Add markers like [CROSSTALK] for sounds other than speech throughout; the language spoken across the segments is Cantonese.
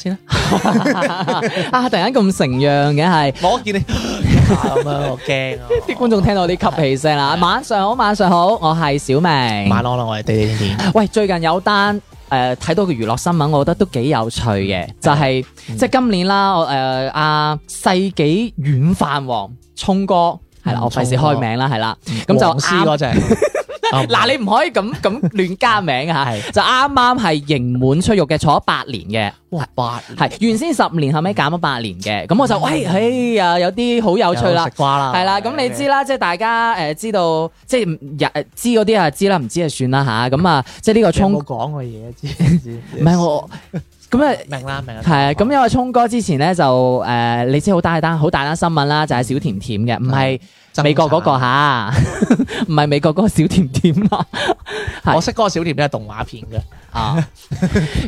先 [LAUGHS] 啊，突然間咁成樣嘅係，我見你咁、 [LAUGHS] 啊、樣，我驚啲觀眾聽到啲吸氣聲啦。晚上好，晚上好，我係小明。晚安啦，我哋地理天喂，最近有單誒睇到個娛樂新聞，我覺得都幾有趣嘅，就係即係今年啦。我誒阿、呃啊、世紀軟飯王聰哥係啦，我費事開名啦，係啦，咁就啱嗰陣。嗯 [LAUGHS] 嗱，你唔可以咁咁亂加名啊！就啱啱係刑滿出獄嘅，坐咗八年嘅，哇，八係原先十年，後尾減咗八年嘅。咁我就喂，哎呀，有啲好有趣啦，係啦。咁你知啦，即係大家誒知道，即係日知嗰啲啊知啦，唔知就算啦吓。咁啊，即係呢個聰哥講嘅嘢，知唔知？唔係我咁啊，明啦明啦，係啊。咁因為聰哥之前咧就誒，你知好大單好大單新聞啦，就係小甜甜嘅，唔係。美國嗰、那個吓，唔係爭、啊、 [LAUGHS] 美國嗰個小甜甜咯。 [LAUGHS] 我識嗰個小甜甜係動畫片嘅啊。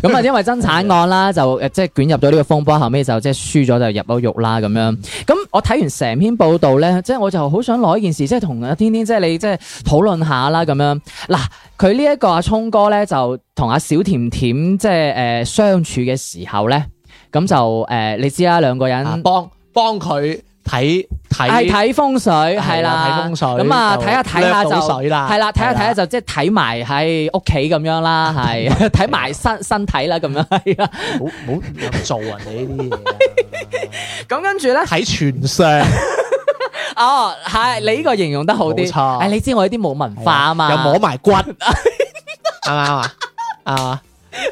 咁啊，因為爭產案啦，就即係捲入咗呢個風波，後尾就即係輸咗就入咗獄啦咁樣。咁我睇完成篇報道咧，即係 [LAUGHS] 我就好想攞一件事，即係同阿天天即係、就是、你即係討論下啦咁樣。嗱、啊，佢呢一個阿聰哥咧，就同阿小甜甜即係誒相處嘅時候咧，咁就誒、呃、你知啦、啊，兩個人幫幫佢睇。係睇風水，係啦，睇風水。咁啊，睇下睇下就係啦，睇下睇下就即係睇埋喺屋企咁樣啦，係睇埋身身體啦咁樣。冇冇咁做啊！你呢啲咁跟住咧睇傳相。哦，係你呢個形容得好啲。錯。哎，你知我呢啲冇文化啊嘛，又摸埋骨，啱唔啱啊？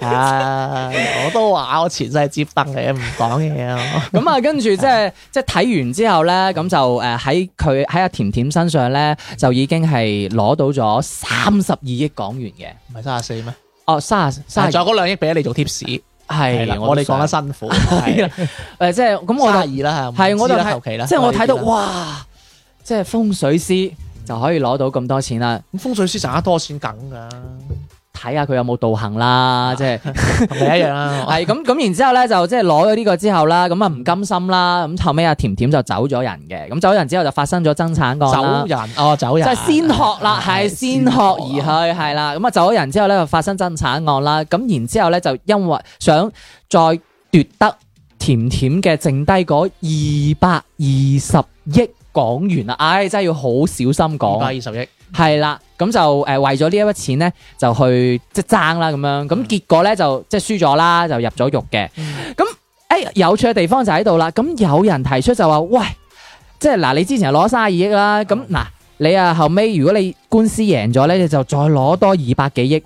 啊！我都話我前世接得你嘅，唔講嘢咯。咁啊，跟住即係即係睇完之後咧，咁就誒喺佢喺阿甜甜身上咧，就已經係攞到咗三十二億港元嘅，唔係三十四咩？哦，三啊三，仲有嗰兩億俾你做貼士，係啦，我哋講得辛苦，誒，即係咁我得意啦，係我就求其啦，即係我睇到哇，即係風水師就可以攞到咁多錢啦。咁風水師賺得多錢梗噶。睇下佢有冇道行啦，即係同你一樣啦。係咁咁，然之後咧就即係攞咗呢個之後啦，咁啊唔甘心啦。咁後尾，阿甜甜就走咗人嘅。咁走咗人之後就發生咗爭產案啦。走人哦，走人。即係先學啦，係是是先學而去，係啦。咁啊走咗人之後咧就發生爭產案啦。咁然之後咧就因為想再奪得甜甜嘅剩低嗰二百二十億港元啊！唉、哎，真係要好小心講。二百二十億。係啦，咁就誒為咗呢一筆錢咧，就去即係、就是、爭啦咁樣，咁結果咧就即係輸咗啦，就入咗獄嘅。咁誒、嗯欸、有趣嘅地方就喺度啦，咁有人提出就話，喂，即係嗱你之前係攞卅二億啦，咁嗱你啊後尾，如果你官司贏咗咧，你就再攞多二百幾億，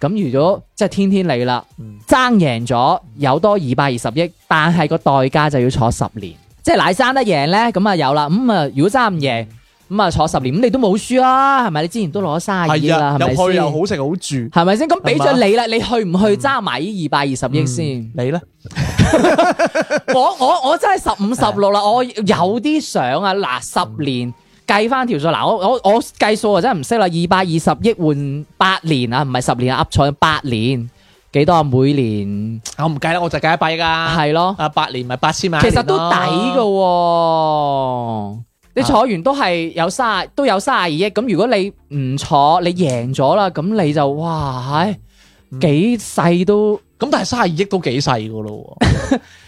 咁如果即係天天利啦，嗯、爭贏咗有多二百二十億，但係個代價就要坐十年，嗯、即係賴生得贏咧，咁啊有啦，咁、嗯、啊如果爭唔贏。嗯咁啊，坐十年，咁你都冇輸啦，係咪？你之前都攞咗卅二啦，係咪的入去又好食好住，係咪先？咁俾咗你啦，你去唔去？揸埋呢二百二十億先。你咧？ [LAUGHS] [LAUGHS] 我我我真係十五十六啦，的我有啲想啊。嗱，十年計翻條數，嗱、嗯，我我我計數啊，真係唔識啦。二百二十億換八年啊，唔係十年啊，噏錯八年幾多啊？每年我唔計啦，我就計一億噶。係咯，啊八年咪八千萬，其實都抵噶、啊。啊你坐完都係有卅都有卅二億，咁如果你唔坐，你贏咗啦，咁你就哇，唉，幾細都咁，但係卅二億都幾細噶咯，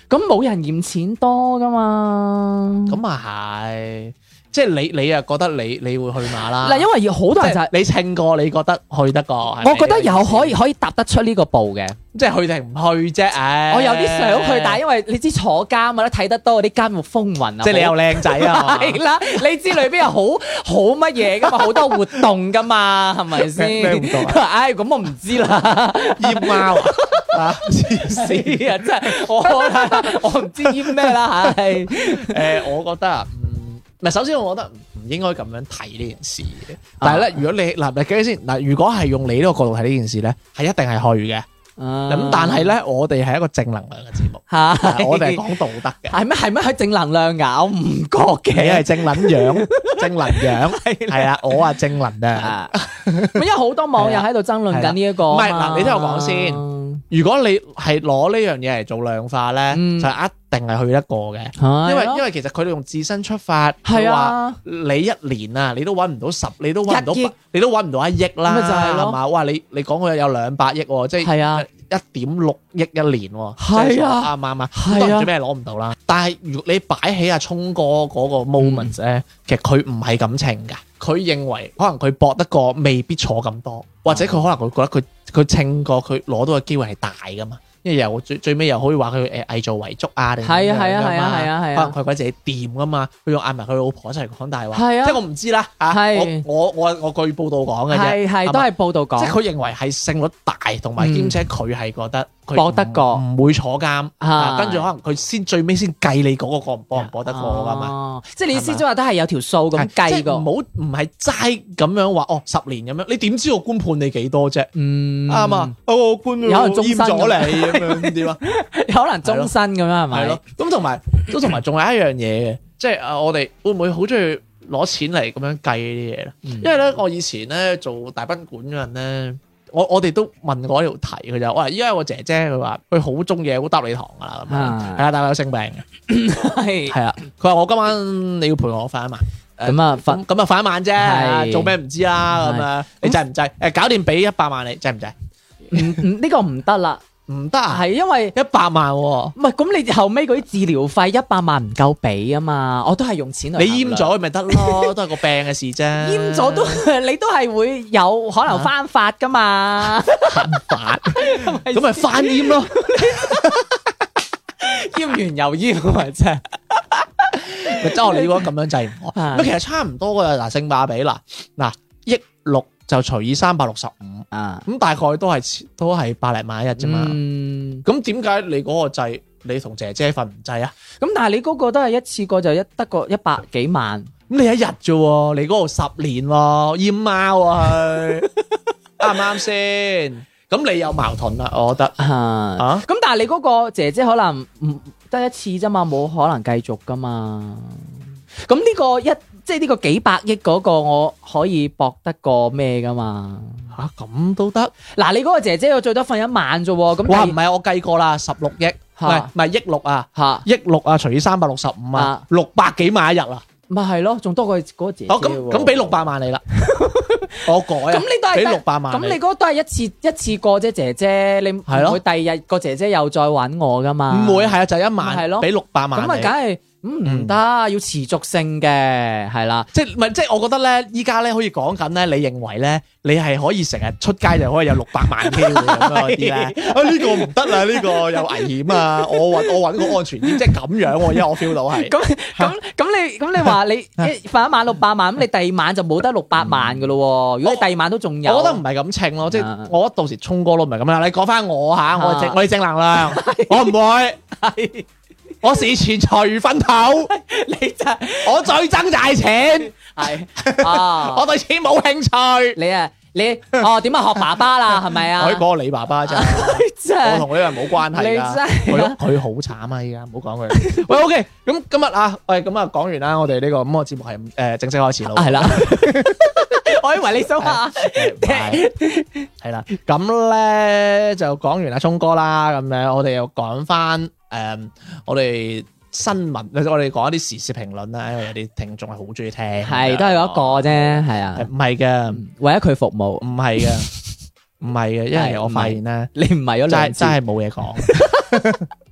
咁冇 [LAUGHS] 人嫌錢多噶嘛，咁啊係。即係你，你又覺得你你會去馬啦？嗱，因為好多人就係你稱過，你覺得去得過。我覺得有可以可以踏得出呢個步嘅，即係去定唔去啫？誒、哎，我有啲想去，但係因為你知坐監嘛，咧睇得多啲監獄風雲啊。即係你又靚仔啊？係啦，你知裏邊有好好乜嘢噶嘛？好 [LAUGHS] 多活動噶嘛，係咪先？咩活動？誒、 [LAUGHS] 哎，咁我唔知啦。煙 [LAUGHS] 貓啊！黐線啊！啊 [LAUGHS] [LAUGHS] 真係我我唔知煙咩啦？係誒、 [LAUGHS] [LAUGHS] 呃，我覺得。唔係，首先我覺得唔應該咁樣睇呢件事嘅。但係咧，如果你嗱，你記住先，嗱，如果係用你呢個角度睇呢件事咧，係一定係去嘅。咁但係咧，我哋係一個正能量嘅節目，我哋係講道德嘅。係咩？係咩？係正能量㗎，我唔覺嘅。你係正能量，正能量係啊，我啊正能量。咪因為好多網友喺度爭論緊呢一個。唔係嗱，你聽我講先。如果你係攞呢樣嘢嚟做量化咧，嗯、就一定係去得過嘅，的因為因為其實佢哋用自身出發，話的你一年啊，你都揾唔到十，你都揾唔到，億你都揾唔到一億啦，咪就係、是、咯的，哇！你你講佢有兩百億喎，即係。一點六億一年喎，係啊，啱唔啱啊？咁當然攞唔到啦。啊、但係如果你擺起阿、啊、聰哥嗰個 moment 咧，嗯、其實佢唔係咁稱㗎。佢認為可能佢搏得過未必坐咁多，或者佢可能會覺得佢佢稱過佢攞到嘅機會係大㗎嘛。因為又最最尾又可以話佢誒偽造遺囑啊，定係啊係啊係啊係啊，啊。啊可能佢鬼自己掂噶嘛，佢、啊、又嗌埋佢老婆一齊講大話，啊、即係我唔知啦嚇、啊啊啊，我我我，我據報道講嘅啫，係都係報道講，即係佢認為係勝率大同埋兼且佢係覺得。博得過唔會坐監，跟住可能佢先最尾先計你嗰個唔博唔博得過噶嘛？即係你先即係都係有條數咁計噶，唔好唔係齋咁樣話哦十年咁樣，你點知個官判你幾多啫？嗯，啱啊，個官閹咗你咁樣點啊？可能終身咁樣係咪？係咯，咁同埋都同埋仲有一樣嘢嘅，即係誒我哋會唔會好中意攞錢嚟咁樣計呢啲嘢咧？因為咧我以前咧做大賓館嘅人咧。我我哋都問過呢條題佢就話，依家我姐姐佢話佢好鍾意，好搭你堂噶啦咁，係啊，但係有性病嘅，係啊，佢話我今晚你要陪我瞓一晚，咁啊瞓，咁啊瞓一晚啫，做咩唔知啦咁啊，你制唔制？誒，搞掂俾一百萬你，制唔制？嗯嗯，呢個唔得啦。唔得，係、啊、因為一百萬、啊，唔係咁你後尾嗰啲治療費一百萬唔夠俾啊嘛，我都係用錢嚟。你閹咗咪得咯，都係個病嘅事啫。閹咗都，你都係會有可能翻法噶嘛？翻 [LAUGHS] 法，咁咪翻閹咯？閹 [LAUGHS] [LAUGHS] 完又閹、啊，咪啫！咪係我哋如果咁樣制唔開，咁 [LAUGHS] 其實差唔多噶。嗱，性價比啦，嗱，億六。就除以三百六十五啊，咁大概都係都係百零萬一日啫嘛。咁點解你嗰個制，你同姐姐瞓唔制啊？咁但係你嗰個都係一次過就一得個一百幾萬，咁你一日啫喎，你嗰個十年喎，煙貓啊，係啱唔啱先？咁你有矛盾啦，我覺得嚇。咁但係你嗰個姐姐可能唔得一次啫嘛，冇可能繼續噶嘛。咁呢個一。即係呢個幾百億嗰個，我可以博得過咩噶嘛？吓咁都得？嗱，你嗰個姐姐我最多瞓一晚啫，咁哇唔係我計過啦，十六億，唔係唔係億六啊，吓億六啊，除以三百六十五啊，六百幾萬一日啊，咪係咯，仲多過嗰個姐姐。咁咁俾六百萬你啦，我改。咁你都係得，俾六百萬。咁你嗰個都係一次一次過啫，姐姐，你係咯，佢第二日個姐姐又再搵我噶嘛？唔會係啊，就一萬係咯，俾六百萬。咁啊，梗係。唔唔得，要持續性嘅係啦，即係唔係即係我覺得咧，依家咧可以講緊咧，你認為咧，你係可以成日出街就可以有六百萬機會咁啲咧？啊呢個唔得啊，呢個有危險啊！我搵我搵個安全啲，即係咁樣因為我 feel 到係。咁咁咁你咁你話你瞓一晚六百萬，咁你第二晚就冇得六百萬噶咯？如果你第二晚都仲有，我覺得唔係咁稱咯，即係我到時衝歌咯，唔係咁啊！你講翻我吓，我正我正能量，我唔會。我視錢財如糞土， [LAUGHS] 你真我最憎就係錢， [LAUGHS] 是啊、 [LAUGHS] 我對錢冇興趣，你啊你哦點啊學爸爸啦係咪啊？可以講你爸爸真係，我同你啲人冇關係啦。佢好慘啊依家，唔好講佢。喂，OK，咁今日啊，喂咁啊講完啦，我哋呢個咁個節目係誒正式開始啦。係啦，我以為你想話係啦。咁咧就講完阿聰哥啦，咁樣我哋又講翻誒我哋。新聞，我哋講一啲時事評論啦，因為有啲聽眾係好中意聽，係都係一個啫。係啊，唔係嘅，為咗佢服務，唔係嘅，唔係嘅，因為 [LAUGHS] 我發現咧，是只你唔係咗真係真係冇嘢講。 [LAUGHS]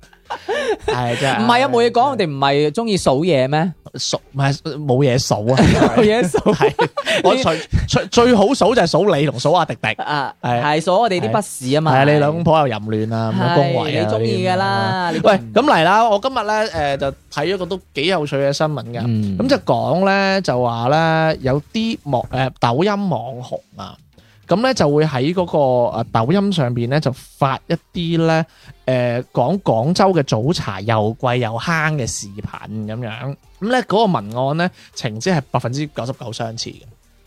係真係，唔係啊，冇嘢講，我哋唔係中意數嘢咩？數唔係冇嘢數啊，冇嘢數係。我最最最好數就係數你同數阿迪迪啊，係係數我哋啲筆事啊嘛。係啊，你兩公婆又淫亂啊，咁樣恭維啊，你中意噶啦。喂，咁嚟啦，我今日咧誒就睇咗個都幾有趣嘅新聞噶，咁就講咧就話咧有啲網誒抖音網紅啊。咁咧就會喺嗰個誒抖音上邊咧就發一啲咧誒講廣州嘅早茶又貴又慳嘅視頻咁樣，咁咧嗰個文案咧情節係百分之九十九相似嘅，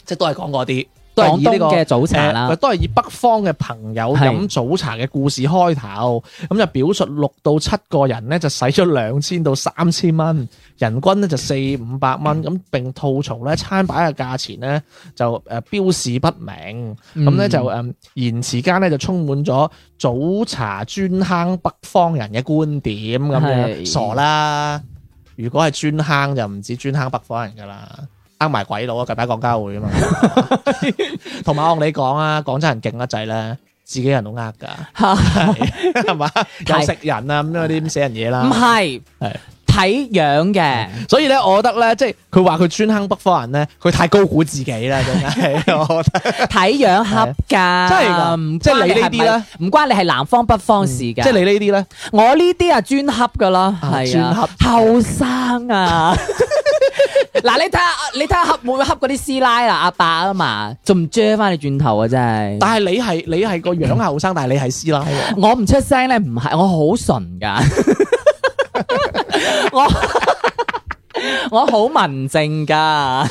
即係都係講嗰啲。都係以呢、個嘅早茶啦、呃，都係以北方嘅朋友飲早茶嘅故事開頭，咁是就表述六到七個人咧就使咗兩千到三千蚊，人均咧就四五百蚊，咁、嗯、並吐槽咧餐牌嘅價錢咧就誒、呃、標示不明，咁咧、嗯、就誒言詞間咧就充滿咗早茶專坑北方人嘅觀點，咁樣是傻啦！如果係專坑就唔止專坑北方人噶啦。加埋鬼佬啊！近排廣交會啊嘛，同埋我同你講啊，廣州人勁得滯咧，自己人都呃噶，係係嘛，又食人啊咁樣啲咁死人嘢啦，唔係睇樣嘅，所以咧我覺得咧，即係佢話佢專坑北方人咧，佢太高估自己啦，真係，我睇睇樣恰噶，真係噶，即係你呢啲咧，唔關你係南方北方事噶，即係你呢啲咧，我呢啲啊專恰噶啦，係啊，後生啊。嗱，你睇下，你睇下，恰冇恰嗰啲師奶啦，阿伯啊嘛，仲唔遮翻你轉頭啊？真係。但係你係你係個樣後生，但係你係師奶。我唔出聲咧，唔 [LAUGHS] 係我好純噶，我我好文靜噶，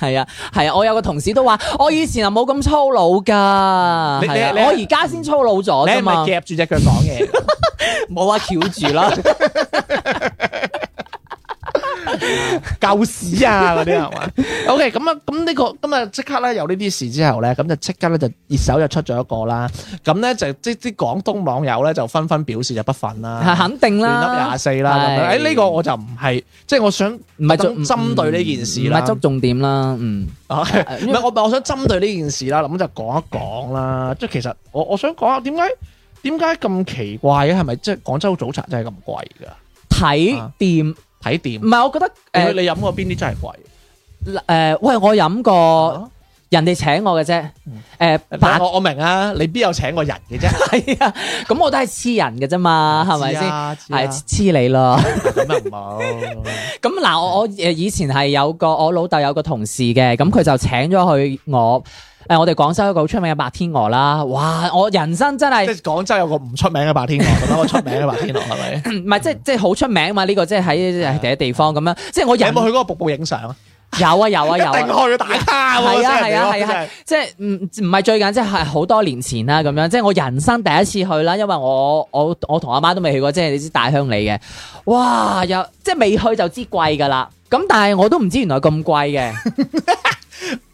係啊係啊，我有個同事都話，我以前你啊冇咁你粗魯噶，我而家先粗魯咗。你係咪夾住隻腳講嘢，冇話翹住啦。舊屎啊！嗰啲係嘛？OK，咁啊、這個，咁呢個咁啊，即刻咧有呢啲事之後咧，咁就即刻咧就熱搜就出咗一個啦。咁咧就即啲廣東網友咧就紛紛表示就不忿啦。肯定啦，亂噏廿四啦。誒，呢、哎這個我就唔係，即、就、係、是、我想唔係針針對呢件事啦，唔係捉重點啦。嗯，唔係、嗯、Okay, 為我，我想針對呢件事啦，咁就講一講啦。即係其實我我想講下點解點解咁奇怪嘅？係咪即係廣州早茶真係咁貴㗎？睇店看。啊睇掂，唔係我覺得，誒、呃，你飲過邊啲真係貴？誒、呃，喂，我飲過嗎人哋請我嘅啫，誒、呃喂白，我我明啊，你邊有請過人嘅啫？係 [LAUGHS] 啊，咁我都係黐人嘅啫嘛，係咪先？係黐吧、啊、你咯，咁又唔好。咁嗱， [LAUGHS] 我我誒以前係有個我老豆有個同事嘅，咁佢就請咗去我。誒， [MUSIC] 我哋廣州一個好出名嘅白天鵝啦，哇！我人生真係，即係廣州有個唔出名嘅白天鵝，同埋 [LAUGHS] 一個出名嘅白天鵝，係咪、 [LAUGHS] 嗯？唔、就、係、係，即係即係好出名嘛？呢、呢個即係喺第一地方咁樣， [LAUGHS] 即係我有冇去嗰瀑布影相 [LAUGHS] 啊？有啊有啊有啊！ [LAUGHS] 一定去打卡喎！係啊係啊係啊！ [LAUGHS] [LAUGHS] 即係唔唔係最近，即係好多年前啦咁樣，即係我人生第一次去啦，因為我我我同阿媽，媽都未去過，即係你知大鄉里嘅，哇！有，即係未去就知貴㗎啦，咁但係我都唔知原來咁貴嘅。 [LAUGHS]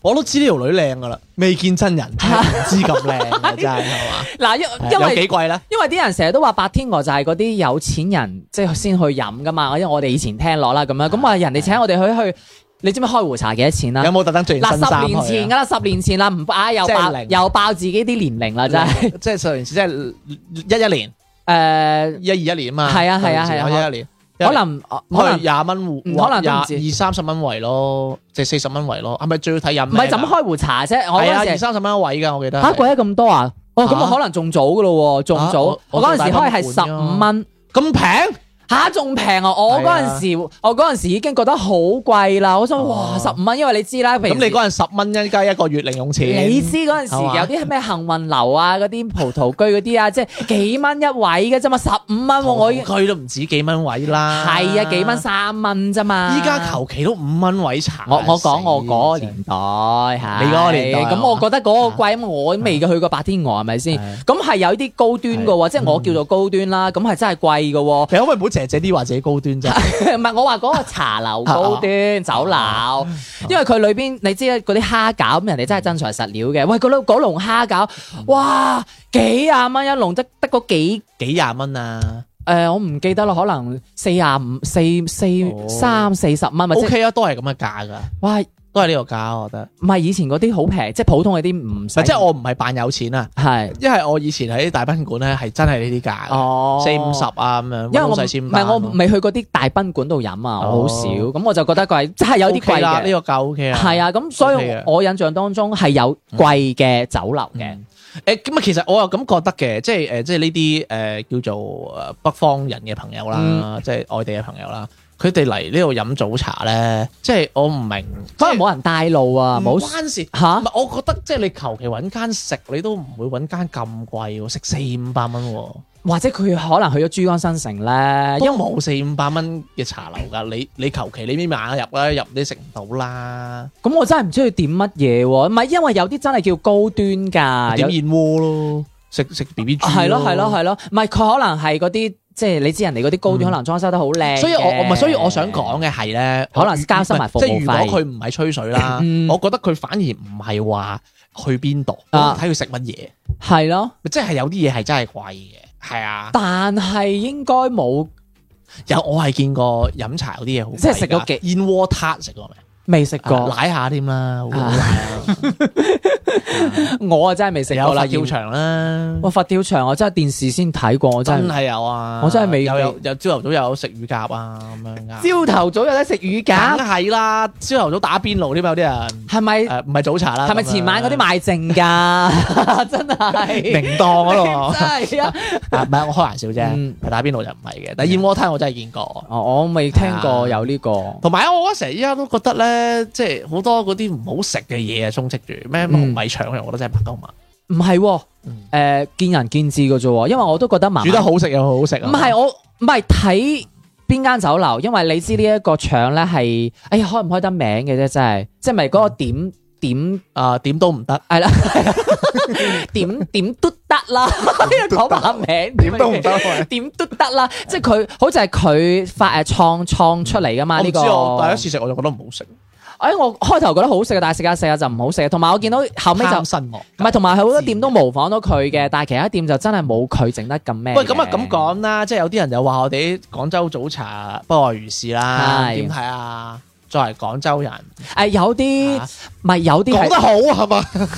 我都知呢條女靚噶啦，未見真人，知咁靚真係嗱，因為有幾貴咧？因為啲人成日都話白天鵝就係嗰啲有錢人即係先去飲噶嘛，因為我哋以前聽落啦咁樣，咁啊人哋請我哋去去，你知唔知開壺茶幾多錢啦？有冇特登着新衫去？嗱，十年前噶啦，十年前啦，唔啊又爆又爆自己啲年齡啦，真係，即係十年前，即係一一年，誒，一二一年啊嘛，係啊係啊係啊，一二年。可能可能廿蚊元可能二三十蚊位咯，即係四十蚊位咯，係咪最好睇飲？唔係，怎麼開壺茶啫？係啊，二三十蚊一位㗎，我記得吓貴咗咁多啊！哦，咁、啊哦、可能仲早㗎咯，仲早。啊、我嗰陣時開係十五蚊，咁平、啊。吓仲平啊！我嗰陣時，我陣時已經覺得好貴啦。我想哇，十五蚊，因為你知啦。咁你嗰陣十蚊一雞一個月零用錢。你知嗰陣時有啲咩幸運樓啊，嗰啲葡萄居嗰啲啊，即係幾蚊一位嘅啫嘛，十五蚊我。葡萄居都唔止幾蚊位啦。係啊，幾蚊三蚊啫嘛。依家求其都五蚊位。我我講我嗰個年代吓，你嗰個年代。咁我覺得嗰個貴，我未去過白天鵝係咪先？咁係有啲高端嘅，即係我叫做高端啦。咁係真係貴嘅。係姐姐啲或者高端啫，唔係 [LAUGHS] 我話嗰個茶樓高端 [LAUGHS] 酒樓，因為佢裏邊你知嗰啲蝦餃咁，人哋真係真材實料嘅。喂，嗰啲嗰籠蝦餃，哇幾廿蚊一籠，得得嗰幾幾廿蚊啊！誒、呃，我唔記得啦，可能四十五、四四三四十蚊，咪 O K 啊，就是、okay, 都係咁嘅價噶。都係呢個價，我覺得唔係以前嗰啲好平，即係普通嗰啲唔即係我唔係扮有錢啊，係是，因為我以前喺啲大賓館咧係真係呢啲價，哦，四五十啊咁樣，因為我唔係單我未去嗰啲大賓館度飲啊，哦、好少，咁我就覺得佢真即係有啲貴嘅，呢、okay 這個價 O K 啊，係啊，咁所以我、okay、了我印象當中係有貴嘅酒樓嘅，誒咁啊，其實我又咁覺得嘅，即係誒、呃、即係呢啲誒叫做北方人嘅朋友啦，嗯、即係外地嘅朋友啦。佢哋嚟呢度飲早茶咧，即係我唔明，可能冇人帶路啊！冇關事嚇，唔係我覺得即係你求其揾間食，你都唔會揾間咁貴喎，食四五百蚊喎。或者佢可能去咗珠江新城咧，因為冇四五百蚊嘅茶樓噶。你你求其你咪猛入啦，入你食唔到啦。咁我真係唔鍾意點乜嘢喎？唔係因為有啲真係叫高端㗎，點燕窩咯，食食 BB 豬。係咯係咯係咯，唔係佢可能係嗰啲。即係你知人哋嗰啲高端可能裝修得好靚、嗯，所以我我唔係，所以我想講嘅係咧，可能加收埋服務費，即係如果佢唔係吹水啦，嗯、我覺得佢反而唔係話去邊度睇佢食乜嘢係咯，即係有啲嘢係真係貴嘅，係啊，但係應該冇有，有我係見過飲茶嗰啲嘢好即係食咗燕窩撻，食過未？未食過，奶下添啦，我啊真係未食過啦，吊牆啦，哇，發吊牆我真係電視先睇過，我真係有啊，我真係未有有朝頭早有食乳鴿啊咁樣，朝頭早有得食乳鴿，梗係啦，朝頭早打邊爐添啊，有啲人係咪唔係早茶啦？係咪前晚嗰啲賣剩噶？真係明檔嗰真係啊，唔係我開玩笑啫，打邊爐就唔係嘅，但燕窩攤我真係見過，我未聽過有呢個，同埋我成日依家都覺得咧。咧即係好多嗰啲唔好食嘅嘢啊充斥住，咩糯米腸啊，嗯、我覺得真係拍鳩埋。唔係、啊，誒、呃、見仁見智噶啫，因為我都覺得麻。煮得好食又好食啊。唔係我唔係睇邊間酒樓，因為你知呢一個腸咧係，哎呀開唔開得名嘅啫，真係，即係咪嗰個點？嗯點啊，點都唔得。係啦，點點都得啦。講把名，點都唔得，點都得啦，即係佢，好似係佢發誒創創出嚟噶嘛呢個。第一次食我就覺得唔好食，哎，我開頭覺得好食嘅，但係食下食下就唔好食，同埋我見到後尾就身亡。唔係，同埋好多店都模仿到佢嘅，但係其他店就真係冇佢整得咁咩。喂，咁啊咁講啦，即係有啲人就話我哋廣州早茶不外如是啦，點睇啊？作為廣州人，誒、呃、有啲唔係有啲講得好係嘛？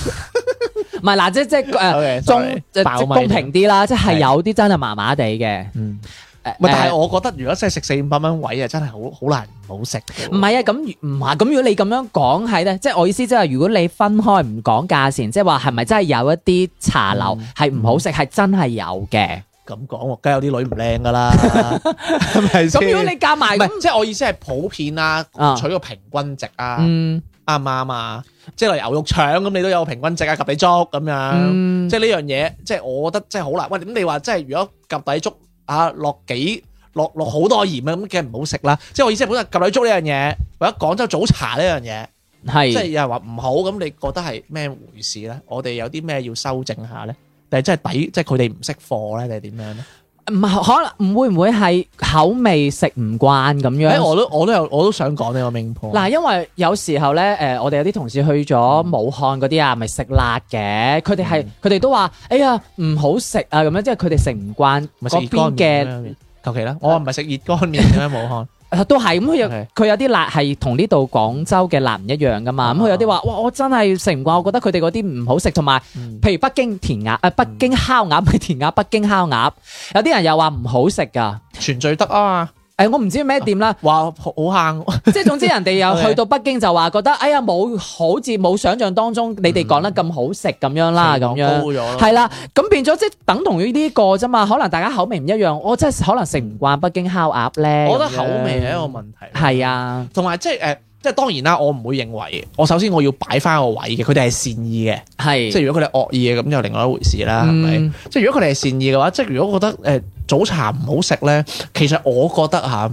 唔係嗱，即即誒 Okay, sorry, 中即即公平啲啦，即係有啲真係麻麻地嘅。對嗯，誒，但係我覺得如果 4, 真係食四五百蚊位啊，真係好好難唔好食。唔係啊，咁唔係咁，如果你咁樣講係咧，即係我意思即、就、係、是、如果你分開唔講價錢，即係話係咪真係有一啲茶樓係唔好食，係、嗯、真係有嘅。咁講，我梗 u 有啲女唔靚噶啦，係咪咁，如果你加埋，即係我意思係普遍啊，取個平均值啊，啱唔啱啊？即係嚟牛肉腸咁，你都有個平均值啊，及底粥咁樣，即係呢樣嘢，即係我覺得即係好啦。喂，咁你話即係如果及底粥啊落幾落落好多鹽啊，咁梗係唔好食啦。即係我意思係本身及底粥呢樣嘢，或者廣州早茶呢樣嘢，即係有人話唔好，咁你覺得係咩回事咧？我哋有啲咩要修正下咧？定係真係抵，即係佢哋唔識貨咧，定係點樣咧？唔、啊、可能，唔會唔會係口味食唔慣咁樣？哎、欸，我都我都有，我都想講呢個名婆。嗱、啊，因為有時候咧，誒、呃，我哋有啲同事去咗武漢嗰啲啊，咪食辣嘅，佢哋係佢哋都話，哎呀，唔好食啊，咁樣，即係佢哋食唔慣嗰邊嘅。求其啦，我唔係食熱乾麵嘅武漢。 [LAUGHS] 都係咁，佢有佢有啲 Okay. 辣係同呢度廣州嘅辣唔一樣噶嘛，咁佢、uh huh. 有啲話：哇，我真係食唔慣，我覺得佢哋嗰啲唔好食，同埋譬如北京填鴨，誒北京烤鴨咪填、uh huh. 鴨，鴨，北京烤鴨，有啲人又話唔好食噶，全聚德啊嘛。誒、哎，我唔知咩店啦，話好，好坑、啊， [LAUGHS] 即係總之人哋又去到北京就話覺得，Okay. 哎呀冇好似冇想象當中你哋講得咁好食咁、嗯、樣，樣啦，咁樣係啦，咁變咗即係等同於呢個啫嘛，可能大家口味唔一樣，我真係可能食唔慣北京烤鴨咧。我覺得口味係一個問題。係樣啊，同埋即係誒。呃即係當然啦，我唔會認為，我首先我要擺翻個位嘅，佢哋係善意嘅，係是。即係如果佢哋惡意嘅，咁就另外一回事啦，係咪、嗯？即係如果佢哋係善意嘅話，即係如果覺得誒早茶唔好食咧，其實我覺得吓，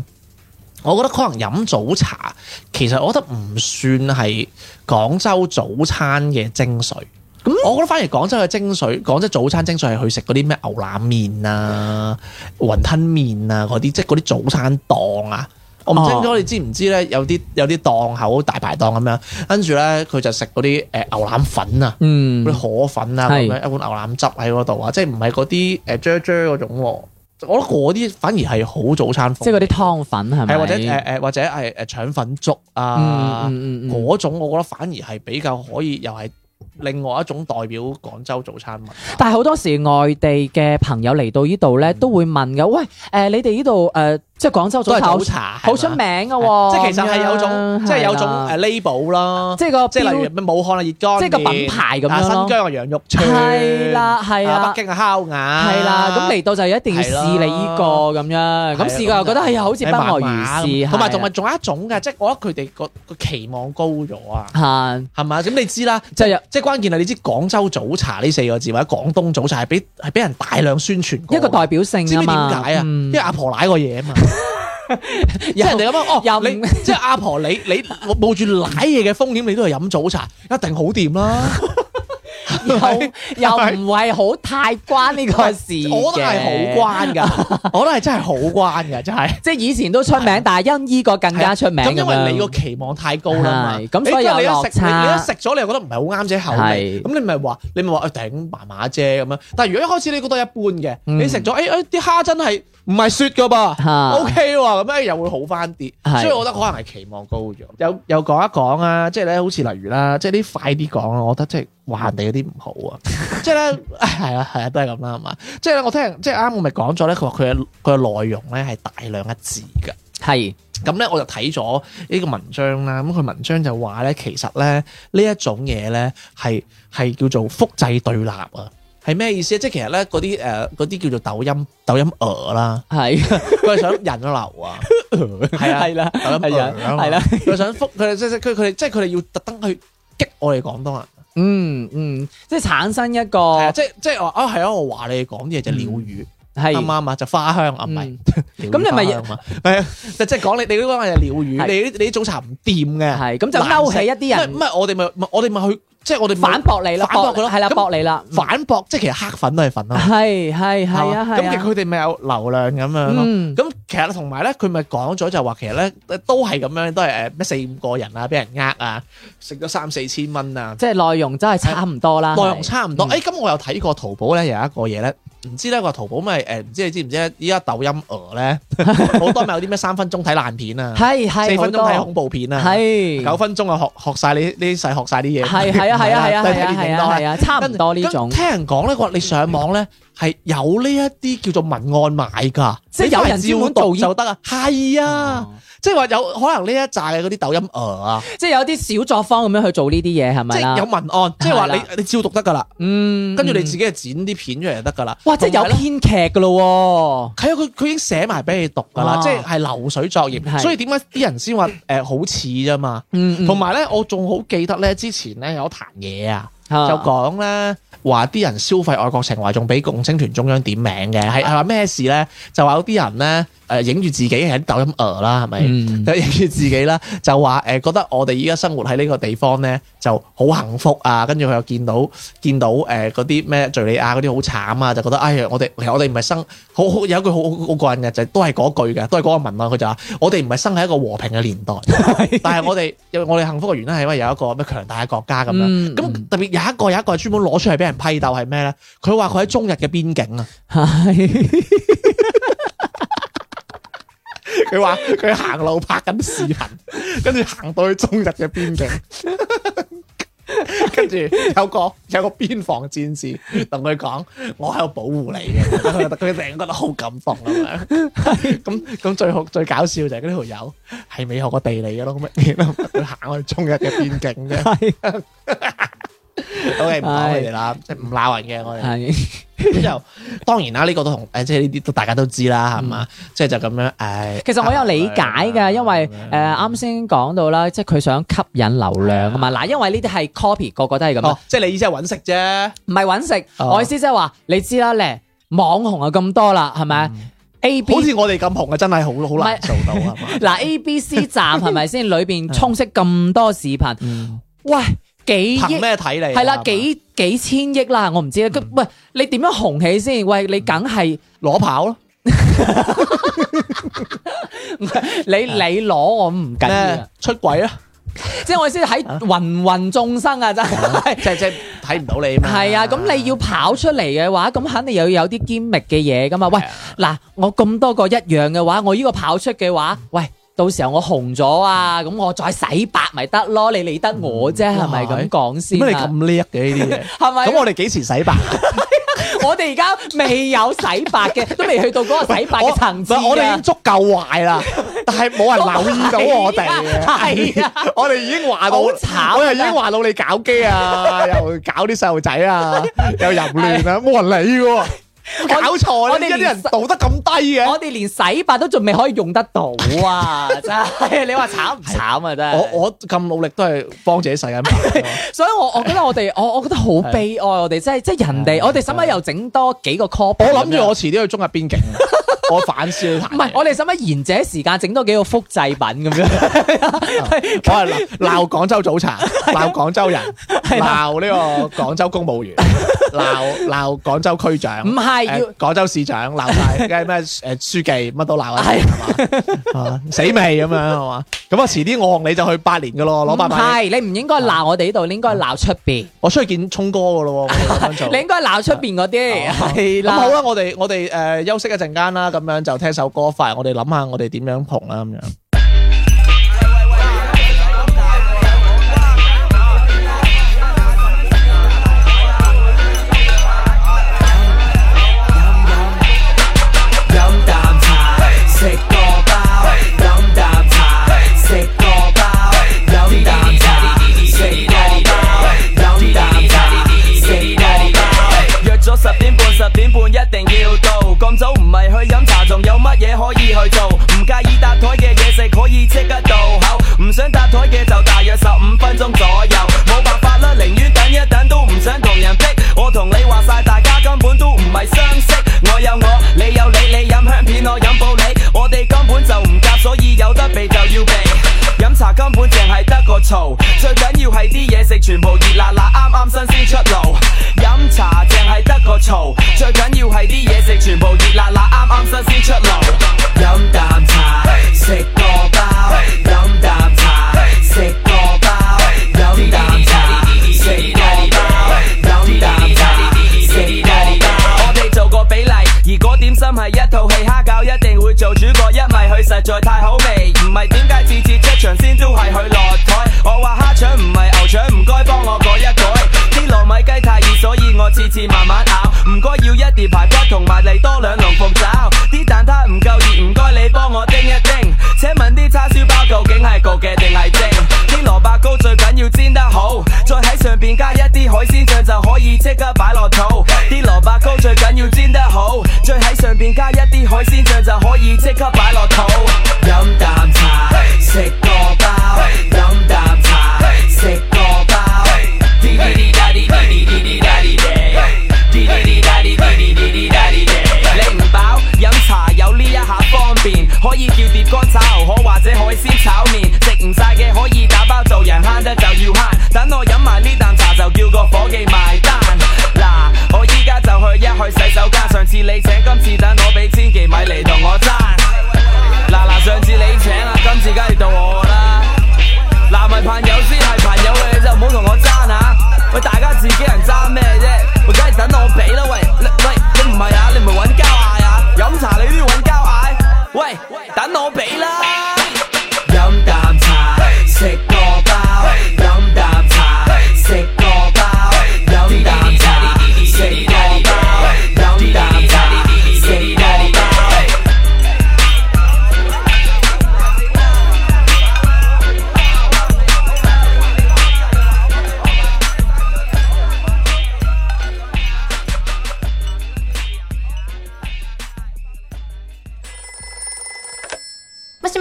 我覺得可能飲早茶其實我覺得唔算係廣州早餐嘅精髓。咁、嗯，我覺得反而廣州嘅精髓，廣州早餐精髓係去食嗰啲咩牛腩麵啊、雲吞麵啊嗰啲，即係嗰啲早餐檔啊。我唔清楚你知唔知咧？有啲有啲檔口大排檔咁樣，跟住咧佢就食嗰啲誒牛腩粉啊，嗰啲河粉啊，咁樣一碗牛腩汁喺嗰度啊，即係唔係嗰啲誒啫啫嗰種？我覺得嗰啲反而係好早餐。即係嗰啲湯粉係咪？或者誒或者係誒腸粉粥啊嗰種，我覺得反而係比較可以，又係另外一種代表廣州早餐嘛。但係好多時外地嘅朋友嚟到呢度咧，都會問嘅，喂誒，你哋呢度誒？即係廣州早茶，好出名㗎喎。即係其實係有種，即係有種誒 label 咯。即係個，即係例如咩武漢啊、熱乾，即係個品牌咁樣咯。新疆嘅羊肉串，係啦，係啊。北京嘅烤鴨，係啦。咁嚟到就一定要試你呢個咁樣。咁試過又覺得，哎呀，好似不外如是。同埋同埋仲有一種嘅，即係我覺得佢哋個個期望高咗啊。係係咪啊？咁你知啦，即係即係關鍵係你知廣州早茶呢四個字或者廣東早茶係俾係俾人大量宣傳。一個代表性啊嘛。知唔知點解啊？因為阿婆奶個嘢啊嘛。人哋咁樣哦，你即係阿婆，你你我冒住舐嘢嘅風險，你都係飲早茶，一定好掂啦。又唔係好太關呢個事嘅，我都係好關㗎，我都係真係好關噶，真係。即係以前都出名，但係因呢個更加出名咁。因為你個期望太高啦嘛，咁所以你都食你一食咗，你又覺得唔係好啱只口味。咁你咪話，你咪話誒，頂麻麻啫咁樣。但係如果一開始你覺得一般嘅，你食咗誒誒啲蝦真係。唔係說噶噃，O K 喎，咁、okay、咧又會好翻啲，的所以我覺得可能係期望高咗。又又講一講啊，即係咧，好似例如啦，即係啲快啲講啊，我覺得 [LAUGHS] 即係話人哋嗰啲唔好啊，即係咧係啊係啊，都係咁啦，係嘛，即係咧我聽即係啱，我咪講咗咧，佢話佢嘅佢嘅內容咧係大量一致噶，係咁咧，我就睇咗呢個文章啦，咁佢文章就話咧，其實咧呢一種嘢咧係係叫做複製對立啊。係咩意思啊？即係其實咧，嗰啲誒，嗰啲叫做抖音抖音鵝啦，係佢係想引流啊，係啊，係啦，抖音鵝係啦，佢想複佢即係佢佢即係佢哋要特登去激我哋廣東人，嗯嗯，即係產生一個，係啊，即係即係話，哦係啊，我話你哋講嘢就鳥語，啱唔啱啊？就花香啊咪，咁你咪，係即係講你你嗰個嘢鳥語，你你早茶唔掂嘅係，咁就勾起一啲人，唔係我哋咪我哋咪去。即係我哋反駁你咯，反駁佢咯，係啦，駁你啦，反駁，即係其實黑粉都係粉咯，係係係啊，咁佢哋咪有流量咁樣咯，咁其實同埋咧，佢咪講咗就話，其實咧都係咁樣，都係誒咩四五個人啊，俾人呃啊，食咗三四千蚊啊，即係內容真係差唔多啦，內容差唔多，誒，咁我又睇過淘寶咧有一個嘢咧。唔知咧，個淘寶咪誒？唔知你知唔知咧？依家抖音鵝咧，好多咪有啲咩三分鐘睇爛片啊，係係四分鐘睇恐怖片啊，係九分鐘啊學學曬你呢啲細學晒啲嘢，係係啊係啊係啊係啊，差唔多呢種。咁聽人講咧，我話你上網咧係有呢一啲叫做文案買㗎，即係有人照讀就得啊，係啊。即係話有可能呢一紮嘅嗰啲抖音啊，即係有啲小作坊咁樣去做呢啲嘢，係咪？即係有文案，即係話你的你照讀得噶啦。嗯，跟住你自己係剪啲片出嚟就得噶啦。哇，有即係有編劇噶咯？係啊，佢佢已經寫埋俾你讀噶啦，哦、即係係流水作業。嗯、所以點解啲人先話誒好似啫嘛？同埋咧，我仲好記得咧，之前咧有壇嘢啊，就講咧話啲人消費愛國情懷，仲俾共青團中央點名嘅，係係話咩事咧？就話有啲人咧。 [LAUGHS] [LAUGHS] 誒，影住自己喺抖音而、呃、啦，係咪？影住、嗯、自己啦，就話誒，覺得我哋依家生活喺呢個地方咧，就好幸福啊！跟住佢又見到見到誒，嗰啲咩敘利亞嗰啲好慘啊，就覺得哎呀，我哋其實我哋唔係生好好有一句好好過癮嘅，就是、都係嗰句嘅，都係嗰個文案。佢就話我哋唔係生喺一個和平嘅年代， [LAUGHS] 但係我哋又我哋幸福嘅原因係因為有一個咩強大嘅國家咁樣。咁、嗯嗯、特別有一個有一個係專門攞出嚟俾人批鬥，係咩咧？佢話佢喺中日嘅邊境啊。 [LAUGHS] [LAUGHS] 佢話佢行路拍緊視頻，跟住行到去中日嘅邊境， [LAUGHS] 跟住有個有個邊防戰士同佢講：我喺度保護你嘅，佢哋覺得好感動咁樣。咁咁 [LAUGHS] [LAUGHS] 最好最搞笑就係呢條友係未學過地理嘅咯，咁佢行去中日嘅邊境嘅。 [LAUGHS] [LAUGHS] 好，唔講佢哋啦，即係唔鬧人嘅我哋。咁就當然啦，呢個都同誒，即係呢啲都大家都知啦，係嘛？即係就咁樣誒。其實我有理解嘅，因為誒啱先講到啦，即係佢想吸引流量啊嘛。嗱，因為呢啲係 copy，個個都係咁。即係你意思搵食啫，唔係搵食。我意思即係話，你知啦咧，網紅啊咁多啦，係咪？A B 好似我哋咁紅啊，真係好好難做到係嘛？嗱，A B C 站係咪先裏邊充斥咁多視頻？喂！幾億咩睇嚟？係啦，幾幾千億啦，我唔知。佢喂，你點樣紅起先？喂，你梗係攞跑咯？你你攞我唔緊要，出軌咯。即係我意思喺芸芸眾生啊，真係即即睇唔到你啊嘛。係啊，咁你要跑出嚟嘅話，咁肯定又有啲堅密嘅嘢噶嘛。喂，嗱，我咁多個一樣嘅話，我呢個跑出嘅話，喂。到時候我紅咗啊，咁我再洗白咪得咯，你理得我啫，係咪咁講先？乜你咁叻嘅呢啲嘢？係咪？咁我哋幾時洗白？ [LAUGHS] 我哋而家未有洗白嘅，都未去到嗰個洗白嘅層次啊！我哋已經足夠壞啦，但係冇人留意到我哋。係 [LAUGHS] 啊，啊啊 [LAUGHS] 我哋已經話到好慘，我哋已經話到你搞基 [LAUGHS] 啊，又搞啲細路仔啊，又淫亂啊，冇人理我。我搞錯啦！我哋啲人度得咁低嘅，我哋連洗白都仲未可以用得到啊！ [LAUGHS] 真係你話慘唔慘啊！真係我我咁努力都係幫自己洗緊白， [LAUGHS] 所以我我覺得我哋 [LAUGHS] 我我覺得好悲哀， [LAUGHS] 我哋即係即係人哋，的我哋使咪又整多幾個 copy？的我諗住我遲啲去中亞邊境。 [LAUGHS] 我反思唔係，我哋使乜賢者時間整多幾個複製品咁樣？我係鬧廣州早茶，鬧廣州人，鬧呢個廣州公務員，鬧鬧廣州區長，唔係是、呃、要廣州市長鬧晒，跟住咩誒書記乜都鬧，係、 [LAUGHS] 啊、死未咁樣係嘛？咁啊遲啲我同你就去八年噶咯，攞八百。係你唔應該鬧我哋呢度，你應該鬧、啊、出邊。我需要見聰哥噶咯， [LAUGHS] 你應該鬧出邊嗰啲。咁、啊哦、好啦， [LAUGHS] 我哋我哋誒休息一陣間啦。咁樣就聽首歌快，我哋諗下我哋點樣捧啦咁樣。早唔係去飲茶，仲有乜嘢可以去做？唔介意搭枱嘅嘢食，可以即刻到口。唔想搭枱嘅就大約十五分鐘左右。冇辦法啦，寧願等一等都唔想同人逼。我同你話晒，大家根本都唔係相識。我有我，你有你，你飲香片，我飲普洱，我哋根本就唔夾，所以有得避就要避。茶根本淨係得個嘈，最緊要係啲嘢食全部熱辣辣，啱啱新鮮出爐。飲茶淨係得個嘈，最緊要係啲嘢食全部熱辣辣，啱啱新鮮出爐。飲啖茶，食個包。飲啖茶，食個包。飲啖茶，食個包。飲啖茶，食個包。我哋做個比例，如果點心係一套戲，蝦餃一定會做主角，因為佢實在太。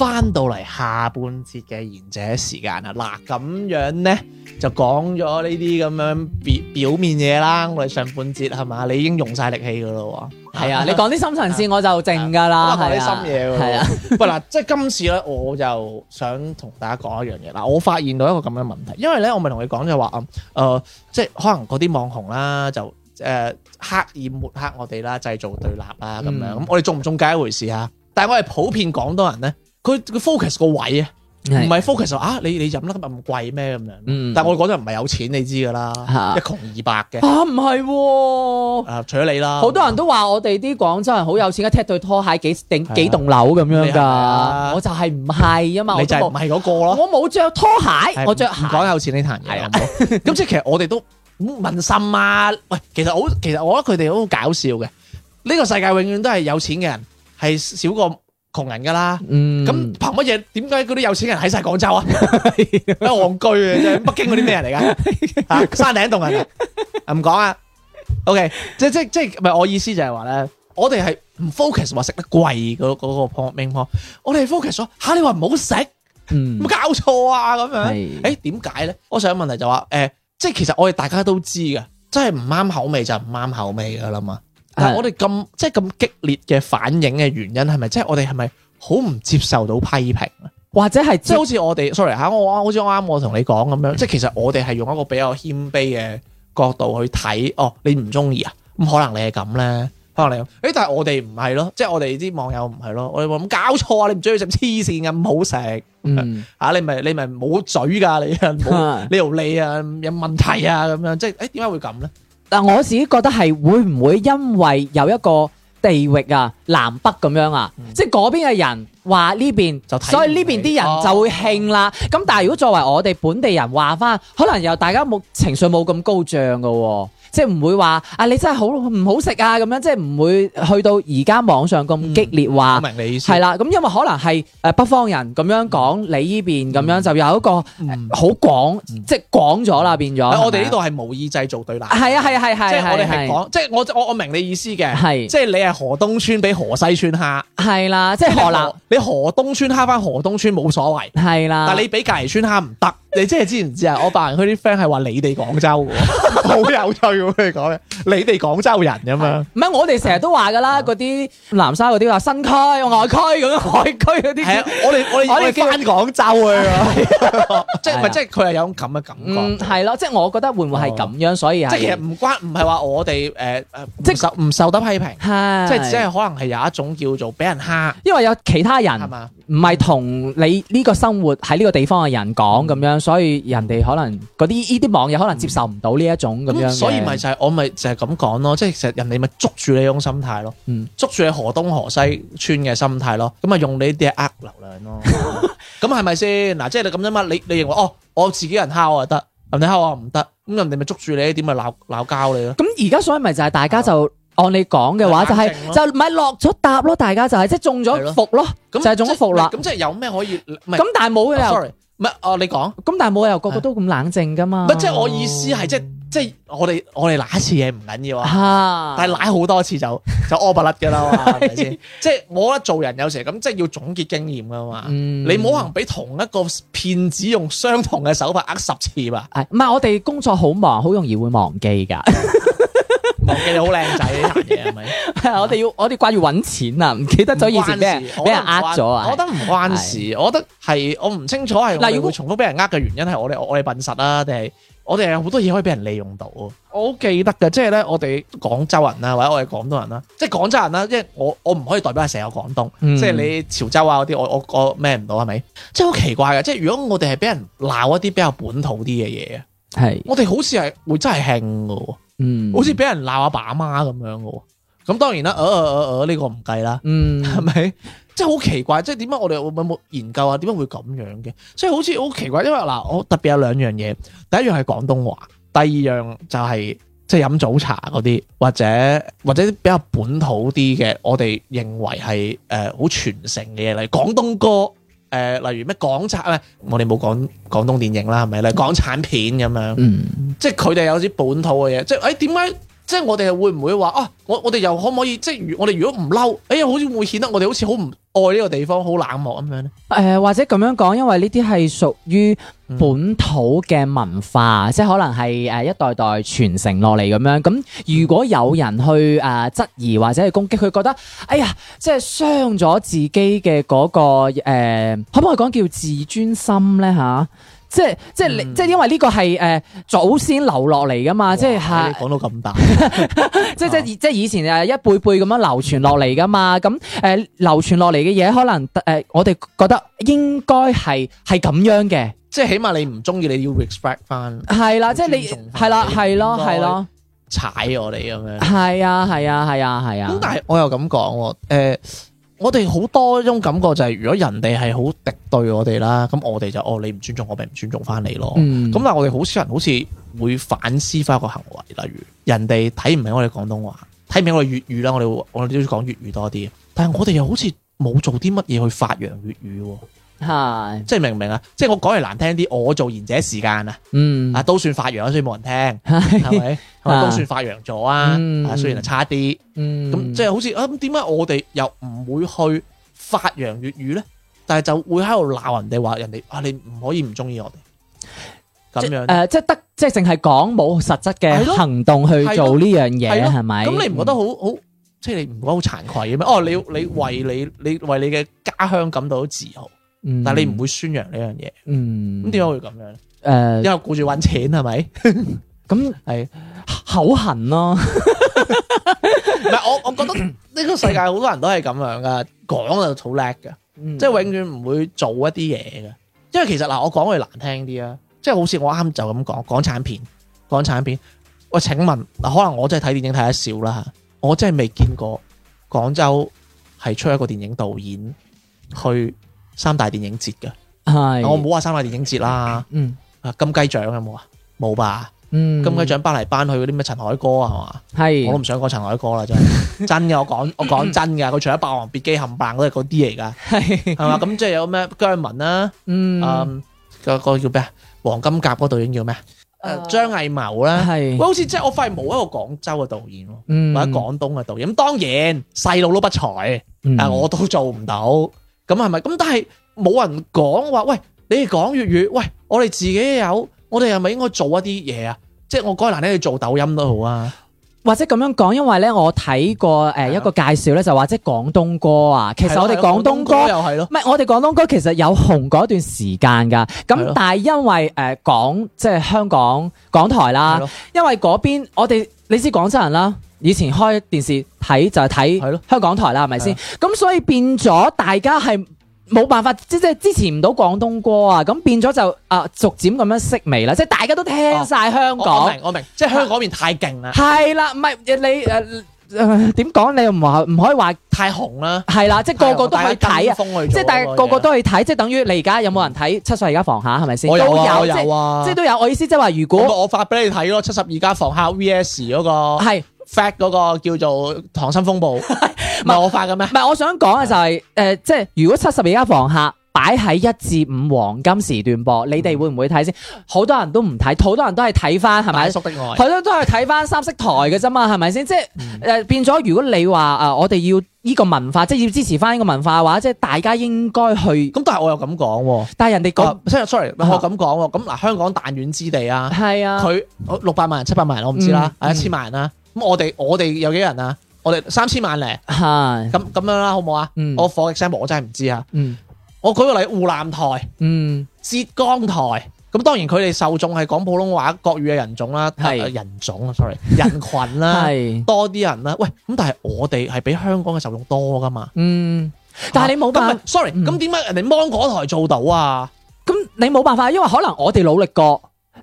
翻到嚟下半節嘅賢者時間啊！嗱，咁樣咧就講咗呢啲咁樣表表面嘢啦。我哋上半節係嘛？你已經用晒力氣噶啦喎。係 [LAUGHS] 啊，你講啲深層事我就靜噶啦。係啊，啲深嘢㗎。係啊，嗱、啊，即係今次咧，我就想同大家講一樣嘢啦。是啊、 [LAUGHS] 我發現到一個咁嘅問題，因為咧我咪同你講就話啊，誒、呃，即係可能嗰啲網紅啦，就誒刻意抹黑我哋啦，製造對立啊咁樣。咁、嗯、我哋中唔中計一回事啊？但係我係普遍廣東人咧。佢佢 focus 個位啊，唔係 focus 就啊，你你飲得咁貴咩咁樣？嗯，但係我廣州人唔係有錢，你知噶啦，一窮二白嘅。啊，唔係喎，啊，除咗你啦。好多人都話我哋啲廣州人好有錢，一踢對拖鞋幾頂幾棟樓咁樣噶。我就係唔係啊嘛，你就係唔係嗰個咯。我冇着拖鞋，我着。唔講有錢呢壇嘢啦。咁即係其實我哋都問心啊。喂，其實好，其實我覺得佢哋好搞笑嘅。呢個世界永遠都係有錢嘅人係少過窮人噶啦，嗯，咁憑乜嘢？點解嗰啲有錢人喺晒廣州啊？戇居啊，真係！北京嗰啲咩人嚟噶？啊，山頂洞人啊！唔講啊。OK，即即即係我意思就係話咧，我哋係唔 focus 話食得貴嗰嗰個 pointing point，我哋 focus 話吓你話唔好食，唔冇搞錯啊咁樣。誒，點解咧？我想問題就話誒，即係其實我哋大家都知噶，真係唔啱口味就唔啱口味噶啦嘛。但係我哋咁即係咁激烈嘅反應嘅原因係咪即係我哋係咪好唔接受到批評啊？或者係即係是 好似我哋，sorry 吓，剛剛我啱好似啱啱，我同你講咁樣，即係其實我哋係用一個比較謙卑嘅角度去睇哦，你唔中意啊？咁、嗯、可能你係咁咧，可能你，誒，但係我哋唔係咯，即係我哋啲網友唔係咯，我哋話咁搞錯啊！你唔中意食黐線嘅唔好食，吓、嗯，你咪你咪冇嘴噶你啊，你條脷啊有問題啊咁樣，即係誒，哎、點解會咁咧？我自己覺得係會唔會因為有一個地域啊、南北咁樣啊，嗯、即係嗰邊嘅人話呢邊，所以呢邊啲人就會興啦。咁、哦、但係如果作為我哋本地人話返，可能又大家冇情緒冇咁高漲嘅喎、啊。即係唔會話啊，你真係好唔好食啊？咁樣即係唔會去到而家網上咁激烈話。我明你意思。係啦，咁因為可能係誒北方人咁樣講，你呢邊咁樣就有一個好廣，即係廣咗啦變咗。我哋呢度係無意製造對立。係啊係啊係啊，即係我哋係講，即係我我我明你意思嘅。係，即係你係河東村俾河西村蝦。係啦，即係河南，你河東村蝦翻河東村冇所謂。係啦，但係你俾隔籬村蝦唔得。你真係知唔知啊？我白雲區啲 friend 係話你哋廣州，好有趣佢哋講嘅，你哋廣州人咁樣。唔係我哋成日都話噶啦，嗰啲南沙嗰啲話，新區、外區、咁樣海區嗰啲。我哋我哋已經翻廣州去啦。即係唔即係佢係有咁嘅感覺。係咯，即係我覺得會唔會係咁樣？所以啊，即係其實唔關，唔係話我哋誒誒，即，呃、係受唔受得批評？係即係可能係有一種叫做俾人蝦，因為有其他人係嘛。唔係同你呢個生活喺呢個地方嘅人講咁樣，所以人哋可能嗰啲呢啲網友可能接受唔到呢一種咁樣。咁所以咪就係我咪就係咁講咯，即係其實人哋咪捉住你呢種心態咯，捉住你河東河西村嘅心態咯，咁啊用你啲呃流量咯。咁係咪先？嗱，即係你咁樣嘛，你你認為哦，我自己人敲啊得，人哋敲我唔得，咁人哋咪捉住你，點咪鬧鬧交你咯？咁而家所以咪就係大家就。按你講嘅話，就係就唔係落咗搭咯，大家就係即係中咗伏咯，咁就係中咗伏啦。咁即係有咩可以？咁但係冇又，sorry，唔係啊！你講咁但係冇又，個個都咁冷靜噶嘛？唔即係我意思係即即我哋我哋嗱一次嘢唔緊要啊，但係嗱好多次就就屙不甩嘅啦，係咪先？即係我覺得做人有時咁，即係要總結經驗噶嘛。你冇可能俾同一個騙子用相同嘅手法呃十次吧？唔係我哋工作好忙，好容易會忘記㗎。我記得好靚仔，呢單嘢係咪？我哋要我哋掛住搵錢啊，唔記得咗以前俾人呃咗啊？我覺得唔關事，是我覺得係我唔清楚係，例如會重複俾人呃嘅原因係果我哋我哋笨實啊，定係我哋有好多嘢可以俾人利用到。我好記得嘅，即係咧，我哋廣州人啦，或者我哋廣東人啦，即係廣州人啦，即係我我唔可以代表成個廣東，即係、嗯、你潮州啊嗰啲，我我我咩唔到係咪？即係好奇怪嘅，即、就、係、是、如果我哋係俾人鬧一啲比較本土啲嘅嘢啊，係是我哋好似係會真係興嘅。嗯，好似俾人鬧阿爸阿媽咁樣嘅，咁當然啦，誒誒誒誒呢個唔計啦，嗯，係咪？即係好奇怪，即係點解我哋會冇研究啊？點解會咁樣嘅？所以好似好奇怪，因為嗱，我特別有兩樣嘢，第一樣係廣東話，第二樣就係、是、即係飲早茶嗰啲，或者或者啲比較本土啲嘅，我哋認為係誒好傳承嘅嘢嚟，呃、東例如廣東歌。誒、呃，例如咩港產，唔係，我哋冇講廣東電影啦，係咪？例如港產片咁樣，嗯、即係佢哋有啲本土嘅嘢，即係誒點解？哎即係我哋係會唔會話啊？我我哋又可唔可以即係？我哋如果唔嬲，哎呀，好似會顯得我哋好似好唔愛呢個地方，好冷漠咁樣咧？誒、呃，或者咁樣講，因為呢啲係屬於本土嘅文化，嗯、即係可能係誒一代代傳承落嚟咁樣。咁如果有人去誒質、呃、疑或者去攻擊，佢覺得哎呀，即係傷咗自己嘅嗰、那個誒、呃，可唔可以講叫自尊心咧？吓？即係即係即係因為呢個係誒祖先流落嚟噶嘛，即係你講到咁大， [LAUGHS] 即係即係即係以前誒一輩輩咁樣流傳落嚟噶嘛，咁、嗯、誒、嗯、流傳落嚟嘅嘢可能誒、呃、我哋覺得應該係係咁樣嘅，即係起碼你唔中意，你要 respect 翻，係啦，即係你係啦，係咯，係咯，踩我哋咁樣，係啊，係啊，係啊，係啊，咁、啊、但係我又咁講喎，呃我哋好多一種感覺就係、是，如果人哋係好敵對我哋啦，咁我哋就哦，你唔尊重我，咪唔尊重翻你咯。咁、嗯、但係我哋好少人好似會反思翻個行為，例如人哋睇唔起我哋廣東話，睇唔起我哋粵語啦，我哋我哋都講粵語多啲。但係我哋又好似冇做啲乜嘢去發揚粵語喎。係，即係明唔明啊？即係我講嚟難聽啲，我做賢者時間啊，嗯，啊都算發揚，雖然冇人聽，係咪？都算發揚咗啊，啊雖然係差啲，咁即係好似啊，咁點解我哋又唔會去發揚粵語咧？但係就會喺度鬧人哋，話人哋啊，你唔可以唔中意我哋咁樣誒？即係得，即係淨係講冇實質嘅行動去做呢樣嘢，係咪？咁你唔覺得好好？即係你唔覺得好慚愧嘅咩？哦，你你為你你為你嘅家鄉感到自豪。嗯、但係你唔會宣揚、嗯、呢樣嘢，咁點解會咁樣咧？誒，因為顧住揾錢係咪？咁係口痕咯，唔係我我覺得呢個世界好多人都係咁樣噶，講就好叻噶，嗯、即係永遠唔會做一啲嘢噶。因為其實嗱，我講句難聽啲啊，即係好似我啱就咁講，港產片，港產片，喂，請問嗱，可能我真係睇電影睇得少啦，我真係未見過廣州係出一個電影導演去。三大電影節噶，係我唔好話三大電影節啦。嗯，金雞獎有冇啊？冇吧。嗯，金雞獎頒嚟頒去嗰啲咩陳凱歌啊，係我都唔想講陳凱歌啦,真係真嘅。我講我講真嘅，佢除咗《霸王別姬》冚棒都係嗰啲嚟噶，係係嘛。咁即係有咩姜文啦，嗯，嗰個叫咩啊？黃金甲嗰導演叫咩啊？張藝謀啦，係喂，好似即係我發現冇一個廣州嘅導演，或者廣東嘅導演。咁當然細路都不才，但係我都做唔到。咁係咪？咁但係冇人講話，喂，你哋講粵語，喂，我哋自己有，我哋係咪應該做一啲嘢啊？即係我該難去做抖音都好啊。或者咁樣講，因為咧我睇過誒一個介紹咧，就話即係廣東歌啊。其實我哋廣東歌又係咯，唔係我哋廣東歌其實有紅嗰段時間㗎。咁但係因為誒、呃、港即係香港港台啦，因為嗰邊我哋你知廣州人啦，以前開電視睇就係、係咯、睇香港台啦，係咪先？咁所以變咗大家係。冇辦法，即即係支持唔到廣東歌啊！咁變咗就啊、呃，逐漸咁樣式微啦。即係大家都聽晒香港，哦、我，我明我明，即係香港邊太勁啦。係啦，唔係你誒誒點講？你唔話唔可以話太紅啦。係啦，即係個個都可以風去睇啊！即係大家個個都去睇，即係等於你而家有冇人睇七十二家房客？係咪先？我有有啊！有有啊，即係都有。我意思即係話，如果不我發俾你睇咯，七十二家房客 VS 嗰、嗰個係 fact 嗰個叫做《溏心風暴》。 [LAUGHS] 唔係我發嘅咩？唔係我想講嘅就係、是、誒、呃，即係如果七十二家房客擺喺一至五黃金時段播，你哋會唔會睇先？好、嗯、多人都唔睇，好多人都係睇翻係咪？大叔的愛，係咯，都係睇翻三色台嘅啫嘛，係咪先？即係誒、呃，變咗如果你話誒、呃，我哋要呢個文化，即係要支持翻呢個文化嘅話，即係大家應該去。咁都係我又咁講，但係人哋講呃、sorry 我咁講喎。咁嗱，香港彈丸之地啊，係啊，佢六百萬人、七百萬，我唔知啦，係一千萬啦。咁、嗯嗯嗯、我哋我哋有幾人啊？我哋三千萬咧，咁咁、啊、樣啦，好唔好啊？我火嘅 example，我真係唔知啊。嗯、我舉個例，湖南台、嗯、浙江台，咁當然佢哋受眾係講普通話國語嘅人種啦，係是、啊、人種啊，sorry，人群啦，係 [LAUGHS] 是多啲人啦。喂，咁但係我哋係比香港嘅受眾多噶嘛？嗯，但係你冇咁、啊、，sorry，咁點解人哋芒果台做到啊？咁、嗯、你冇辦法，因為可能我哋努力過。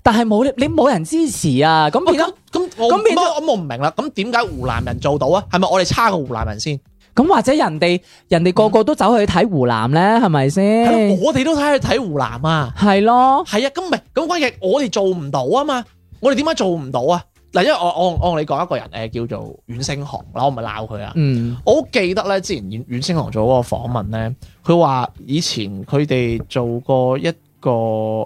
但係冇你冇人支持啊！咁變咗咁、啊、我冇唔明啦。咁點解湖南人做到啊？係咪我哋差過湖南人先？咁或者人哋人哋個個都走去睇湖南咧，係咪先？我哋都睇去睇湖南啊！係咯的，係啊。咁咪咁關鍵，我哋做唔到啊嘛！我哋點解做唔到啊？嗱、啊，因為我我我同你講一個人誒、呃，叫做阮星航嗱，我咪鬧佢啊！嗯、我好記得咧，之前阮星航做嗰個訪問咧，佢話以前佢哋做過一個。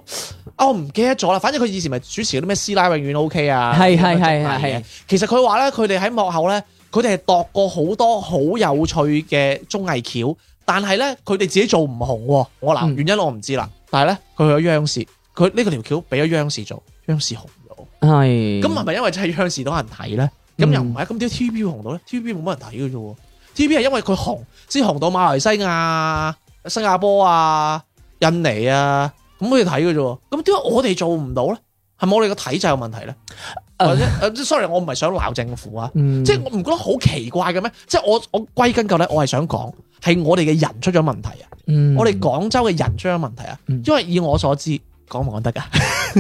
我唔、哦、記得咗啦，反正佢以前咪主持嗰啲咩師奶永遠 OK 啊，係係係係係。是是是是其實佢話咧，佢哋喺幕後咧，佢哋係度過好多好有趣嘅綜藝橋，但係咧佢哋自己做唔紅喎、啊。我嗱、嗯、原因我唔知啦，但係咧佢去咗央視，佢呢個條橋俾咗央視做，央視紅咗。係是。咁係咪因為真係央視多人睇咧？咁、嗯、又唔係？咁點解 T V B 紅到咧？T V B 冇乜人睇嘅啫喎。T V B 係因為佢紅先紅到馬來西亞、新加坡啊、印尼啊。咁佢哋睇嘅啫，咁點解我哋做唔到咧？係咪我哋個體制有問題咧？或者、uh, uh,，sorry，我唔係想鬧政府啊，嗯、即係我唔覺得好奇怪嘅咩？即係我我歸根究底，我係想講係我哋嘅人出咗問題啊！嗯、我哋廣州嘅人出咗問題啊！嗯、因為以我所知，講唔講得噶？ [LAUGHS]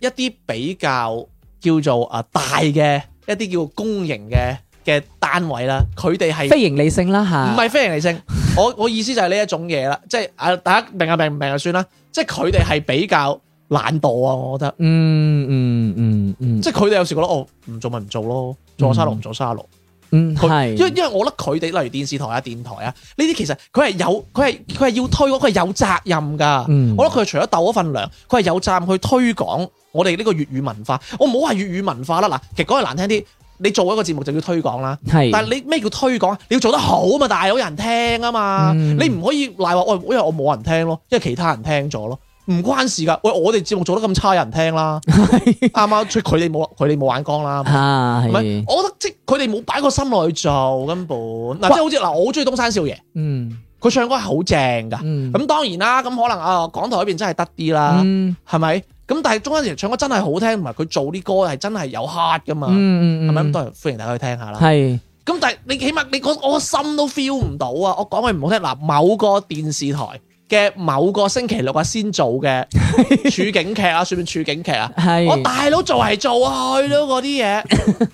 一啲比較叫做啊大嘅一啲叫公營嘅嘅。單位啦，佢哋係非營利性啦吓，唔係非營利性。 [LAUGHS] 我我意思就係呢一種嘢啦，即係啊，大家明啊明唔明就算啦。即係佢哋係比較懶惰啊，我覺得，嗯嗯嗯嗯，嗯嗯即係佢哋有時覺得哦唔做咪唔做咯，做沙律唔做沙律，沙嗯係。因因為我覺得佢哋例如電視台啊、電台啊呢啲，其實佢係有佢係佢係要推，佢係有責任噶。嗯、我覺得佢係除咗鬥嗰份糧，佢係有責去推廣我哋呢個粵語文化。我唔好話粵語文化啦，嗱，其實講句難聽啲。你做一個節目就推廣叫推廣啦，但係你咩叫推廣？你要做得好嘛，大有人聽啊嘛，嗯、你唔可以賴話我，因為我冇人聽咯，因為其他人聽咗咯，唔關事噶。喂，我哋節目做得咁差，有人聽啦，啱啱？ [LAUGHS] 即佢哋冇佢哋冇眼光啦，係、啊，唔係，我覺得即佢哋冇擺個心落去做根本嗱、啊，即係好似嗱，哇我好中意東山少爺，嗯，佢唱歌係好正噶，咁、嗯、當然啦，咁可能啊，港台嗰邊真係得啲啦，係咪、嗯？是咁、嗯嗯嗯、但係鍾嘉誠唱歌真係好聽，同埋佢做啲歌係真係有 heart 噶嘛，係咪咁？都係歡迎大家去聽下啦。係咁是，但係你起碼你我我心都 feel 唔到啊！我講句唔好聽嗱，某個電視台嘅某個星期六啊先做嘅處境劇啊，算唔算處境劇啊？是我大佬做係做啊，去到嗰啲嘢，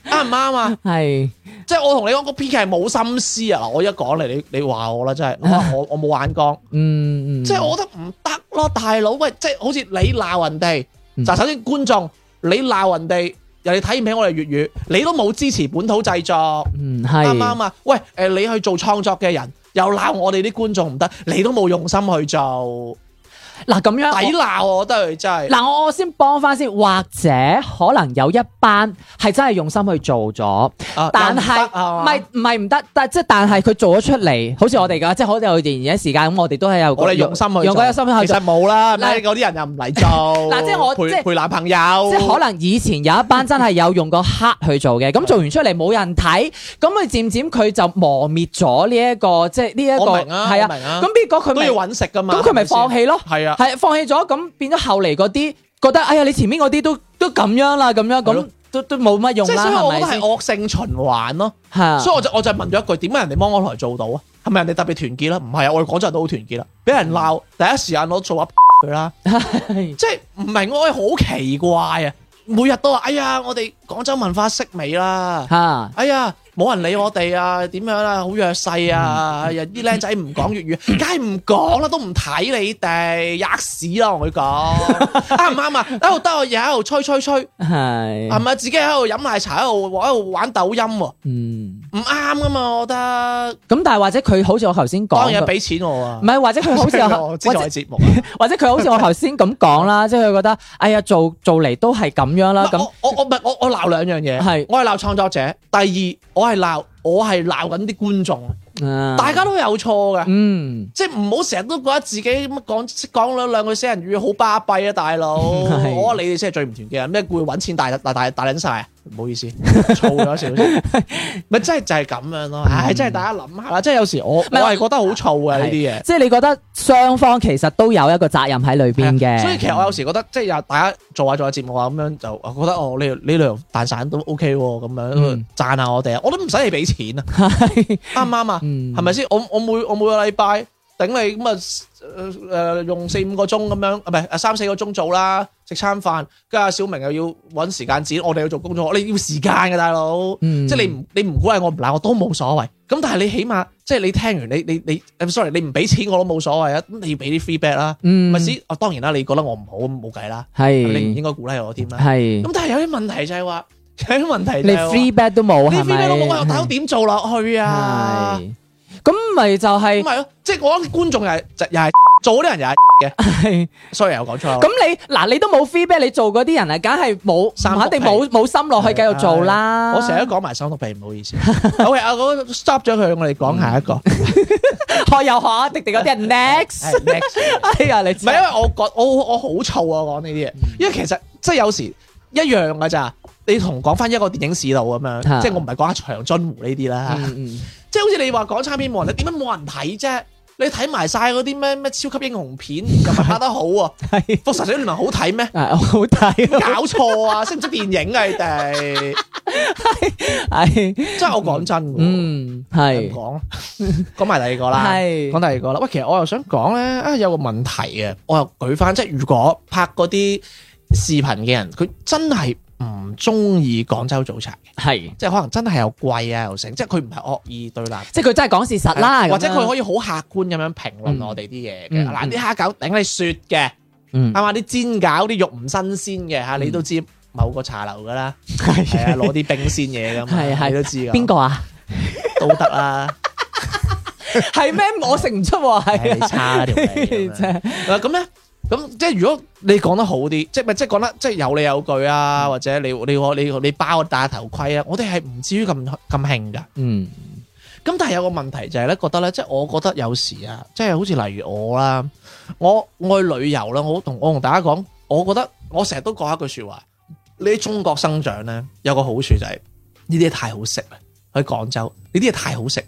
啱唔啱啊？係即係我同你講個編劇係冇心思啊！我一講嚟，你你話我啦，真係我我冇眼光，嗯， [LAUGHS] 即係我覺得唔得。 [LAUGHS] 咯，大佬喂，即係好似你鬧人哋，就、嗯、首先觀眾，你鬧人哋，人哋睇唔起我哋粵語，你都冇支持本土製作，啱唔啱啊？喂，誒、呃，你去做創作嘅人，又鬧我哋啲觀眾唔得，你都冇用心去做。嗱，咁樣抵鬧，我覺得佢真係。嗱我我先幫翻先，或者可能有一班係真係用心去做咗，但係唔係唔係唔得，但即係但係佢做咗出嚟，好似我哋㗎，即係可能有段時間咁，我哋都係有我哋用心去做，用嗰個心去做。其實冇啦，嗱嗰啲人又唔嚟做。嗱即係我即係陪男朋友。即係可能以前有一班真係有用過黑去做嘅，咁做完出嚟冇人睇，咁佢漸漸佢就磨滅咗呢一個即係呢一個係啊。咁結果佢都要揾食㗎嘛。咁佢咪放棄咯？係啊。係放棄咗，咁變咗後嚟嗰啲覺得，哎呀，你前面嗰啲都都咁樣啦，咁樣咁，都的都冇乜用啦，係咪先？即係我覺得係惡性循環咯，係的，所以我就我就問咗一句，點解人哋芒果台做到啊？係咪人哋特別團結啦？唔係啊，我哋廣州人都好團結啦，俾人鬧，第一時間攞做甩佢啦，的即係唔明我好奇怪啊，每日都話，哎呀，我哋。廣州文化式微啦，哎呀，冇人理我哋啊，點樣啊，好弱勢啊！啲靚仔唔講粵語，梗係唔講啦，都唔睇你哋，吔屎啦！我講啊，唔啱啊，得得我而喺度吹吹吹，係係咪自己喺度飲奶茶喺度喺度玩抖音？嗯，唔啱噶嘛，我覺得咁，但係或者佢好似我頭先講，當然係俾錢我啊，唔係，或者佢好似我支持我支持，或者佢好似我頭先咁講啦，即係佢覺得，哎呀，做做嚟都係咁樣啦，咁我我唔係我我難。鬧兩樣嘢，係是我係鬧創作者，第二我係鬧我係鬧緊啲觀眾、uh, 大家都有錯嘅，嗯，mm. 即係唔好成日都覺得自己乜講講兩兩句死人語好巴閉啊！大佬，是你哋先係最唔團結啊！咩會揾錢大大大帶領晒啊！唔好意思，嘈咗少少，咪 [LAUGHS] [LAUGHS] 真係就係咁樣咯、啊。唉、嗯，真係大家諗下啦，即係有時我我係覺得好燥嘅呢啲嘢。即係、嗯嗯就是、你覺得雙方其實都有一個責任喺裏邊嘅。所以其實我有時覺得即係又大家做下做下節目啊咁樣就，我覺得哦呢呢兩蛋散都 O K 咁樣讚下我哋，我都唔使你俾錢啊，啱唔啱啊？係咪先？我我每我每個禮拜頂你咁啊。誒、呃，用四五個鐘咁樣，唔係，三四個鐘做啦，食餐飯，跟住阿小明又要搵時間剪，我哋要做工作，你要時間㗎、啊、大佬，嗯、即係你唔你唔鼓勵我唔懶，我都冇所謂。咁但係你起碼，即係你聽完，你你你 sorry，你唔俾錢我都冇所謂啊，你要俾啲 feedback 啦，或者、嗯，哦、啊，當然啦，你覺得我唔好，冇計啦，你唔應該鼓勵我添啦。咁是 但係有啲問題就係話，有啲問題，問題你 feedback 都冇，你 feedback 都冇，吧我又睇到點做落去啊？的的咁咪就係，咁係咯，即係我諗觀眾又又係做嗰啲人又係嘅，sorry 又講錯。咁你嗱，你都冇 feedback，你做嗰啲人啊，梗係冇，肯定冇冇心落去繼續做啦。我成日都講埋手足皮，唔好意思。OK，阿哥 stop 咗佢，我哋講下一個。拖右下，迪迪嗰啲人，next，next。哎呀，你唔係因為我覺，我我好燥啊，講呢啲嘢，因為其實即係有時一樣噶咋。你同講翻一個電影史度咁樣，即係我唔係講下長津湖呢啲啦。即係好似你話港產片冇人，你點解冇人睇啫？你睇埋晒嗰啲咩咩超級英雄片咁咪拍得好喎，復仇者聯盟好睇咩？好睇，搞錯啊！識唔識電影啊？你哋，唉，真係我講真，嗯，係講講埋第二個啦，講第二個啦。喂，其實我又想講咧，啊，有個問題嘅，我又舉翻，即係如果拍嗰啲視頻嘅人，佢真係。唔中意廣州早茶嘅，係即係可能真係有貴啊又成，即係佢唔係惡意對立，即係佢真係講事實啦，或者佢可以好客觀咁樣評論我哋啲嘢嘅。嗱啲蝦餃頂你雪嘅，係嘛？啲煎餃啲肉唔新鮮嘅嚇，你都知某個茶樓㗎啦，係啊，攞啲冰鮮嘢㗎嘛，係係都知嘅。邊個啊？都得啊，係咩？我食唔出喎，係差咁咧。咁即係如果你講得好啲，即係咪即係講得即係有理有據啊？或者你你我你你包戴頭盔啊？我哋係唔至於咁咁興㗎。嗯。咁但係有個問題就係咧，覺得咧，即係我覺得有時啊，即係好似例如我啦，我我去旅遊啦，我同我同大家講，我覺得我成日都講一句說話，你喺中國生長咧，有個好處就係呢啲嘢太好食啦。喺廣州呢啲嘢太好食啦。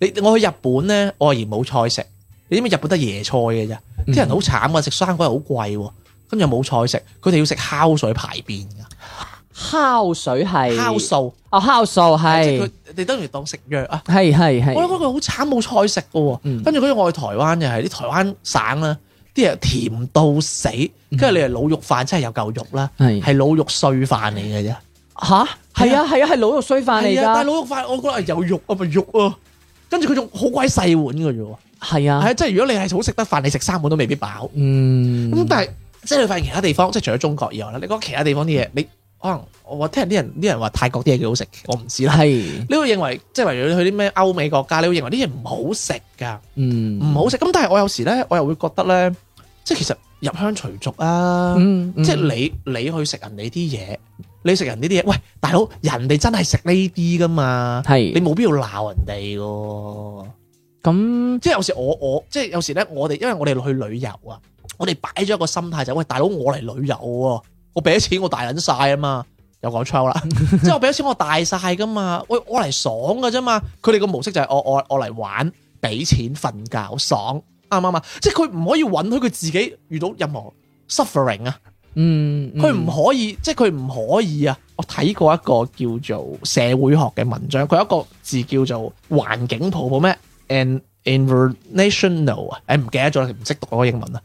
你我去日本咧，我而冇菜食。你知唔知日本得椰菜嘅啫，啲人好慘啊，食生果又好貴，跟住冇菜食，佢哋要食烤水排便嘅，烤水係，烤素哦，烤素係，佢，你等當然當食藥啊，係係係。我覺得佢好慘，冇菜食嘅喎，跟住佢啲我去台灣嘅係啲台灣省啦，啲人甜到死，跟住、嗯、你係魯肉飯，真係有嚿肉啦，係，係魯肉碎飯嚟嘅啫。吓是？係啊係啊係魯、啊、肉碎飯嚟㗎、啊。但係魯肉飯，我覺得係有肉，就是肉，就是、肉啊，咪肉啊。跟住佢仲好鬼細碗嘅啫喎，係啊，係啊，即係如果你係好食得飯，你食三碗都未必飽。嗯，咁但係即係你發現其他地方，即係除咗中國以外啦，你講其他地方啲嘢，你可能我聽啲人啲人話泰國啲嘢幾好食，我唔知啦。係，你會認為即係例如你去啲咩歐美國家，你會認為啲嘢唔好食㗎，嗯、唔好食。咁但係我有時咧，我又會覺得咧，即係其實入鄉隨俗啊，嗯嗯、即係你你去食人哋啲嘢。你食人呢啲嘢，喂大佬，人哋真係食呢啲噶嘛？係的你冇必要鬧人哋噶。咁那即係有時我我即係有時咧，我哋因為我哋去旅遊啊，我哋擺咗一個心態就係、是、喂大佬，我嚟旅遊喎，我俾咗錢我大撚晒啊嘛，又講粗口啦， [LAUGHS] 即係我俾咗錢我大晒噶嘛，喂我嚟爽噶啫嘛，佢哋個模式就係我我我嚟玩，俾錢瞓覺，爽，啱唔啱啊？即係佢唔可以允許佢自己遇到任何 suffering 啊。嗯，佢唔可以，即係佢唔可以啊！我睇過一個叫做社會學嘅文章，佢有一個字叫做環境泡泡咩？An invernational 啊，誒唔記得咗啦，唔識讀個英文啊。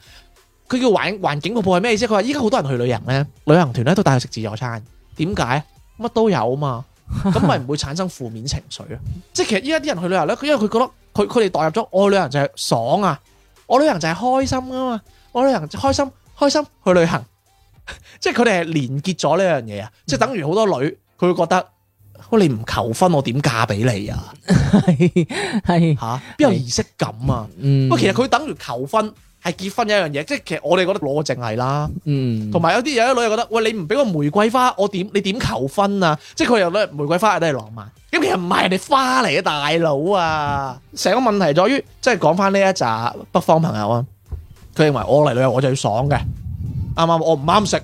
佢叫環環境泡泡係咩意思？佢話依家好多人去旅行咧，旅行團咧都帶佢食自助餐，點解乜都有啊嘛？咁咪唔會產生負面情緒啊？ [LAUGHS] 即係其實依家啲人去旅行咧，佢因為佢覺得佢佢哋代入咗我旅行就係爽啊，我旅行就係開心噶、啊、嘛，我旅行就開心、啊、行開心，開心，開心去旅行。即係佢哋係連結咗呢樣嘢啊，即係等於好多女佢會覺得，喂你唔求婚我點嫁俾你啊？係吓邊有儀式感啊？嗯，喂 [NOISE] 其實佢等於求婚係結婚一樣嘢，即係其實我哋覺得攞證係啦，嗯，同 [NOISE] 埋有啲有啲女又覺得，喂你唔俾個玫瑰花我點你點求婚啊？即係佢又覺得玫瑰花都係浪漫，咁其實唔係人哋花嚟嘅大佬啊，成個問題在於，即係講翻呢一紮北方朋友啊，佢認為我嚟旅遊我就要爽嘅。啱啱、嗯、我唔啱食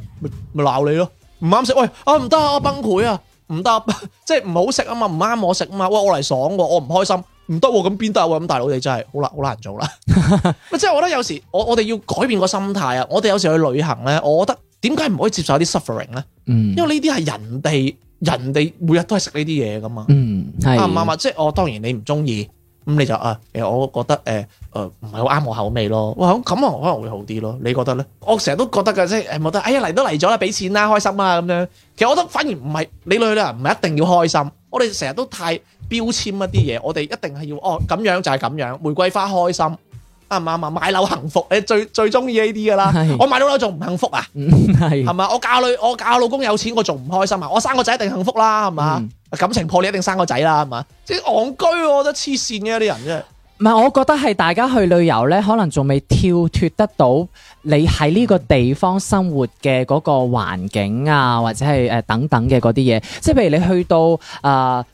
咪鬧你咯，唔啱食，喂啊唔得啊我崩潰啊唔得，即係唔好食啊嘛，唔啱我食啊嘛，喂、啊、我嚟、啊就是、爽我唔開心，唔得咁邊得啊咁、啊、大佬你真係好難好難做啦， [LAUGHS] 即係我覺得有時我我哋要改變個心態啊，我哋有時去旅行咧，我覺得點解唔可以接受啲 suffering 咧、嗯嗯？嗯，因為呢啲係人哋人哋每日都係食呢啲嘢噶嘛，嗯係啱唔啱啊？即係我當然你唔中意。咁你就啊，誒，我覺得誒，誒，唔係好啱我口味咯。哇，咁啊，可能會好啲咯。你覺得咧？我成日都覺得噶即係，誒，冇得，哎呀嚟都嚟咗啦，俾錢啦，開心啊咁樣。其實我覺得反而唔係你去咧，唔係一定要開心。我哋成日都太標籤一啲嘢，我哋一定係要哦咁樣就係咁樣。玫瑰花開心，啱唔啱啊？買樓幸福，你最最中意呢啲噶啦。我買到樓仲唔幸福啊？係係嘛？我嫁女，我嫁老公有錢，我仲唔開心啊？我生個仔一定幸福啦，係嘛？感情破裂一定生個仔啦，係嘛？即係戇居，我覺得黐線嘅啲人啫。唔係，我覺得係大家去旅遊咧，可能仲未跳脱得到你喺呢個地方生活嘅嗰個環境啊，或者係誒、呃、等等嘅嗰啲嘢。即係譬如你去到誒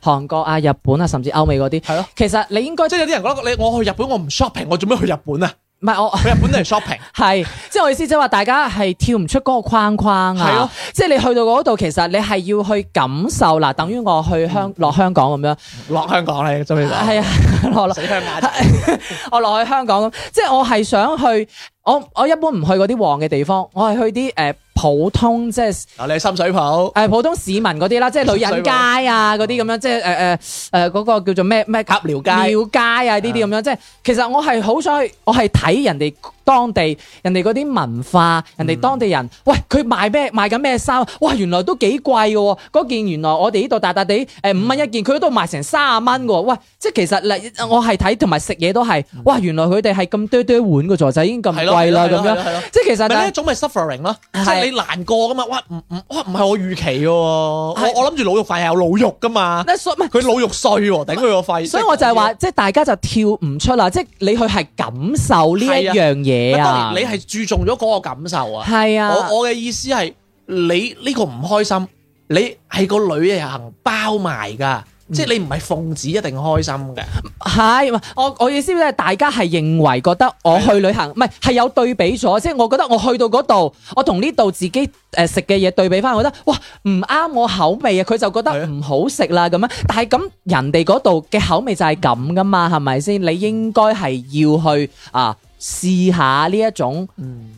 韓國啊、日本啊，甚至歐美嗰啲，係咯。其實你應該即係有啲人覺得你我去日本，我唔 shopping，我做咩去日本啊？唔係我，去日本都係 shopping，係，即係 [LAUGHS] 我意思，即係話大家係跳唔出嗰個框框 [LAUGHS] 啊，係咯，即係你去到嗰度，其實你係要去感受嗱、啊，等於我去香、嗯、落香港咁樣，落香港啦，準備咗，係啊，落落香港 [LAUGHS] [LAUGHS] 我落去香港，即係我係想去。我我一般唔去嗰啲旺嘅地方，我係去啲誒、呃、普通即係。啊，你去深水埗？誒、呃，普通市民嗰啲啦，即係女人街啊，嗰啲咁樣，即係誒誒誒，嗰、呃呃呃呃嗰個叫做咩咩夾寮街、廟街啊呢啲咁樣。嗯、即係其實我係好想去，我係睇人哋。當地人哋嗰啲文化，人哋當地人，喂，佢賣咩賣緊咩衫？哇，原來都幾貴嘅喎！嗰件原來我哋呢度大笪地誒五蚊一件，佢嗰度賣成卅蚊嘅喎！喂，即係其實嚟，我係睇同埋食嘢都係，哇！原來佢哋係咁堆堆碗個座仔已經咁貴啦，咁樣即係其實，咪一種咪 suffering 咯，即係你難過嘅嘛？哇唔唔，哇唔係我預期嘅喎，我我諗住鹵肉飯係有鹵肉嘅嘛，佢鹵肉碎喎，頂佢個肺！所以我就係話，即係大家就跳唔出啦，即係你去係感受呢一樣嘢。當然你係注重咗嗰個感受啊，係啊，我我嘅意思係你呢個唔開心，你係個旅行包埋噶，即係你唔係奉旨一定開心嘅。係，我我意思咧，大家係認為覺得我去旅行，唔係係有對比咗，即係我覺得我去到嗰度，我同呢度自己誒食嘅嘢對比翻，我覺得哇唔啱我口味啊，佢就覺得唔好食啦咁樣。但係咁人哋嗰度嘅口味就係咁噶嘛，係咪先？你應該係要去啊。試下呢一種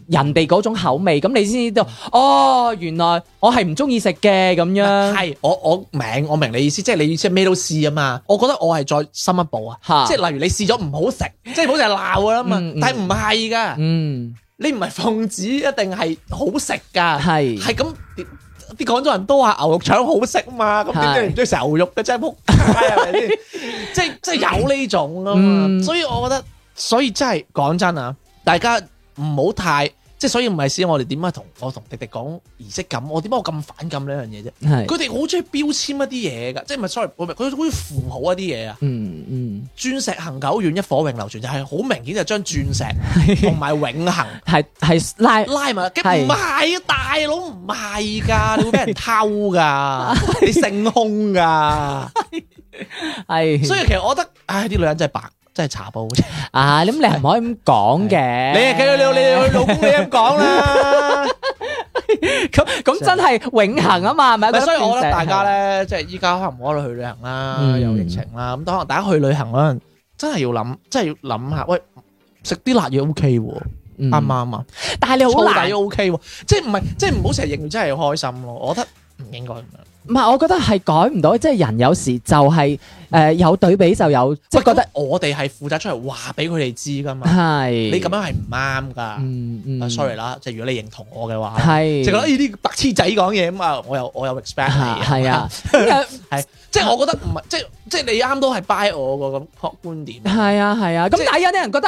人哋嗰種口味，咁你先知道哦，原來我係唔中意食嘅咁樣。係我我明我明你意思，即係你意思係咩都試啊嘛。我覺得我係再深一步啊，即係例如你試咗唔好食，即係好似係鬧啊嘛。但係唔係噶，你唔係奉旨一定係好食噶，係係咁。啲廣州人都話牛肉腸好食啊嘛，咁點解唔中意食牛肉嘅，真係仆街，即係即係有呢種啊嘛，所以我覺得。所以真係講真啊，大家唔好太即係，所以唔係試我哋點樣同我同迪迪講儀式感，我點解我咁反感呢樣嘢啫？佢哋好中意標籤一啲嘢噶，即係唔係 sorry，唔係佢好似符號一啲嘢啊。嗯嗯，鑽石恆久遠，一火永流傳就係好明顯就將鑽石同埋永恆係係拉拉埋，唔係啊大佬，唔係噶，你會俾人偷噶，你成空噶，係所以其實我覺得唉啲女人真係白。真係查報啫啊！咁你唔可以咁講嘅，你你你你老公你咁講啦。咁咁 [LAUGHS] 真係永恒啊嘛，係咪以？所以我覺得大家咧，即係依家可能唔可以去旅行啦，有疫情啦。咁可能大家去旅行可能真係要諗，即係要諗下。喂，食啲辣嘢 OK 喎，嗯，啱唔啱嘛？但係你好辣都 OK，即係唔係，即係唔好成日認為真係要開心咯。我覺得唔應該咁樣。唔係，我覺得係改唔到，即係人有時就係、是。誒有對比就有，即係覺得我哋係負責出嚟話俾佢哋知㗎嘛。係，你咁樣係唔啱㗎。嗯嗯，sorry 啦，即係如果你認同我嘅話，係，就覺得呢啲白痴仔講嘢咁啊，我又我又 respect 你係啊，係，即係我覺得唔係，即係即係你啱都係 buy 我個咁個觀點。係啊係啊，咁但係有啲人覺得，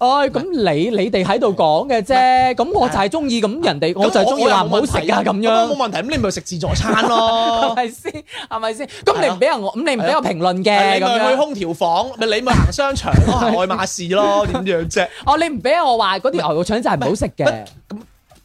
哦，咁你你哋喺度講嘅啫，咁我就係中意咁人哋，我就係中意話唔好食啊咁樣。冇問題，咁你咪食自助餐咯，係咪先？係咪先？咁你唔俾人我，咁你唔俾我評論。嘅、啊、你去空調房，咪 [LAUGHS] 你咪行商場 [LAUGHS] 咯，愛馬仕咯，點樣啫？哦，你唔俾我話嗰啲牛肉腸仔係唔好食嘅，唔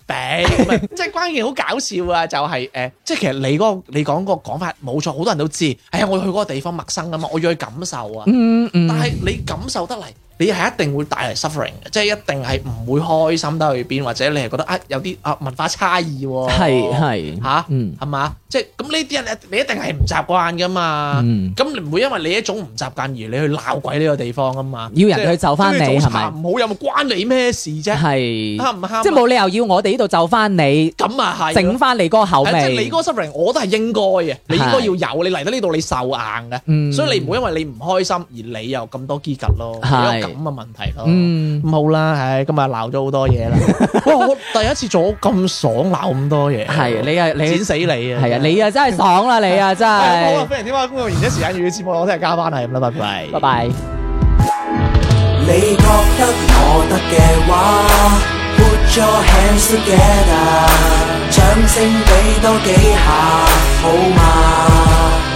定，即係關鍵好搞笑啊！就係誒，即係其實你嗰、那個、你講嗰個講法冇錯，好多人都知。哎呀，我要去嗰個地方陌生啊嘛，我要去感受啊，mm hmm. 但係你感受得嚟。你係一定會帶嚟 suffering 嘅，即係一定係唔會開心得去邊，或者你係覺得啊有啲啊文化差異喎，係係嚇，嗯係嘛？即係咁呢啲人，你一定係唔習慣噶嘛？咁你唔會因為你一種唔習慣而你去鬧鬼呢個地方噶嘛？要人去就翻你係咪？唔好有冇關你咩事啫？係啱唔啱？即係冇理由要我哋呢度就翻你，咁啊係整翻你個口味。即係你個 suffering，我都係應該嘅，你應該要有。你嚟到呢度你受硬嘅，所以你唔會因為你唔開心而你又咁多黐 𥄫 咯。咁啊，問題咯。嗯，冇啦，唉，今日鬧咗好多嘢啦。哇，我第一次做咁爽，鬧咁多嘢。係，你係你，剪死你啊！係啊，你啊真係爽啦，你啊真係。好啊，非常之多工作，而且時間又要嘅節目，我聽日加班係咁啦，拜拜，拜拜。你覺得我得嘅話，掌聲俾多幾下，好嗎？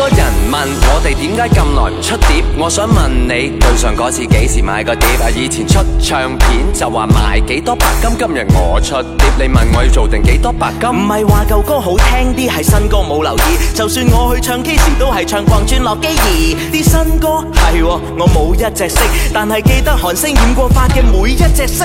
多人問我哋點解咁耐唔出碟，我想問你對上嗰次幾時買個碟啊？以前出唱片就話賣幾多白金，今日我出碟，你問我要做定幾多白金？唔係話舊歌好聽啲，係新歌冇留意。就算我去唱 K 時都係唱逛轉樂基兒，啲新歌係我冇一隻識，但係記得韓星染過髮嘅每一隻色。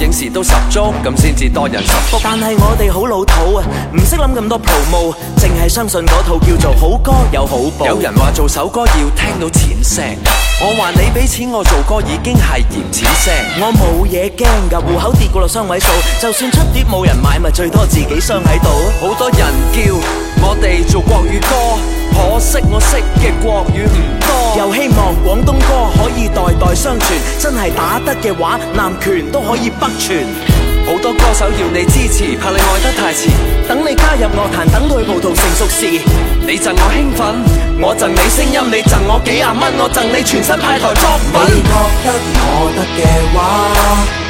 影時都十足，咁先至多人十足。但係我哋好老土啊，唔識諗咁多 promo，淨係相信嗰套叫做好歌有好報。有人話做首歌要聽到錢聲，我話你俾錢我做歌已經係嫌錢聲。我冇嘢驚㗎，戶口跌過落雙位數，就算出碟冇人買，咪最多自己傷喺度。好多人叫我哋做國語歌。可惜我識嘅國語唔多，又希望廣東歌可以代代相傳。真係打得嘅話，南拳都可以北傳。好多歌手要你支持，怕你愛得太遲。等你加入樂壇，等佢葡萄成熟時，你贈我興奮，我贈你聲音，你贈我幾廿蚊，我贈你全新派台作品。你覺得我得嘅話？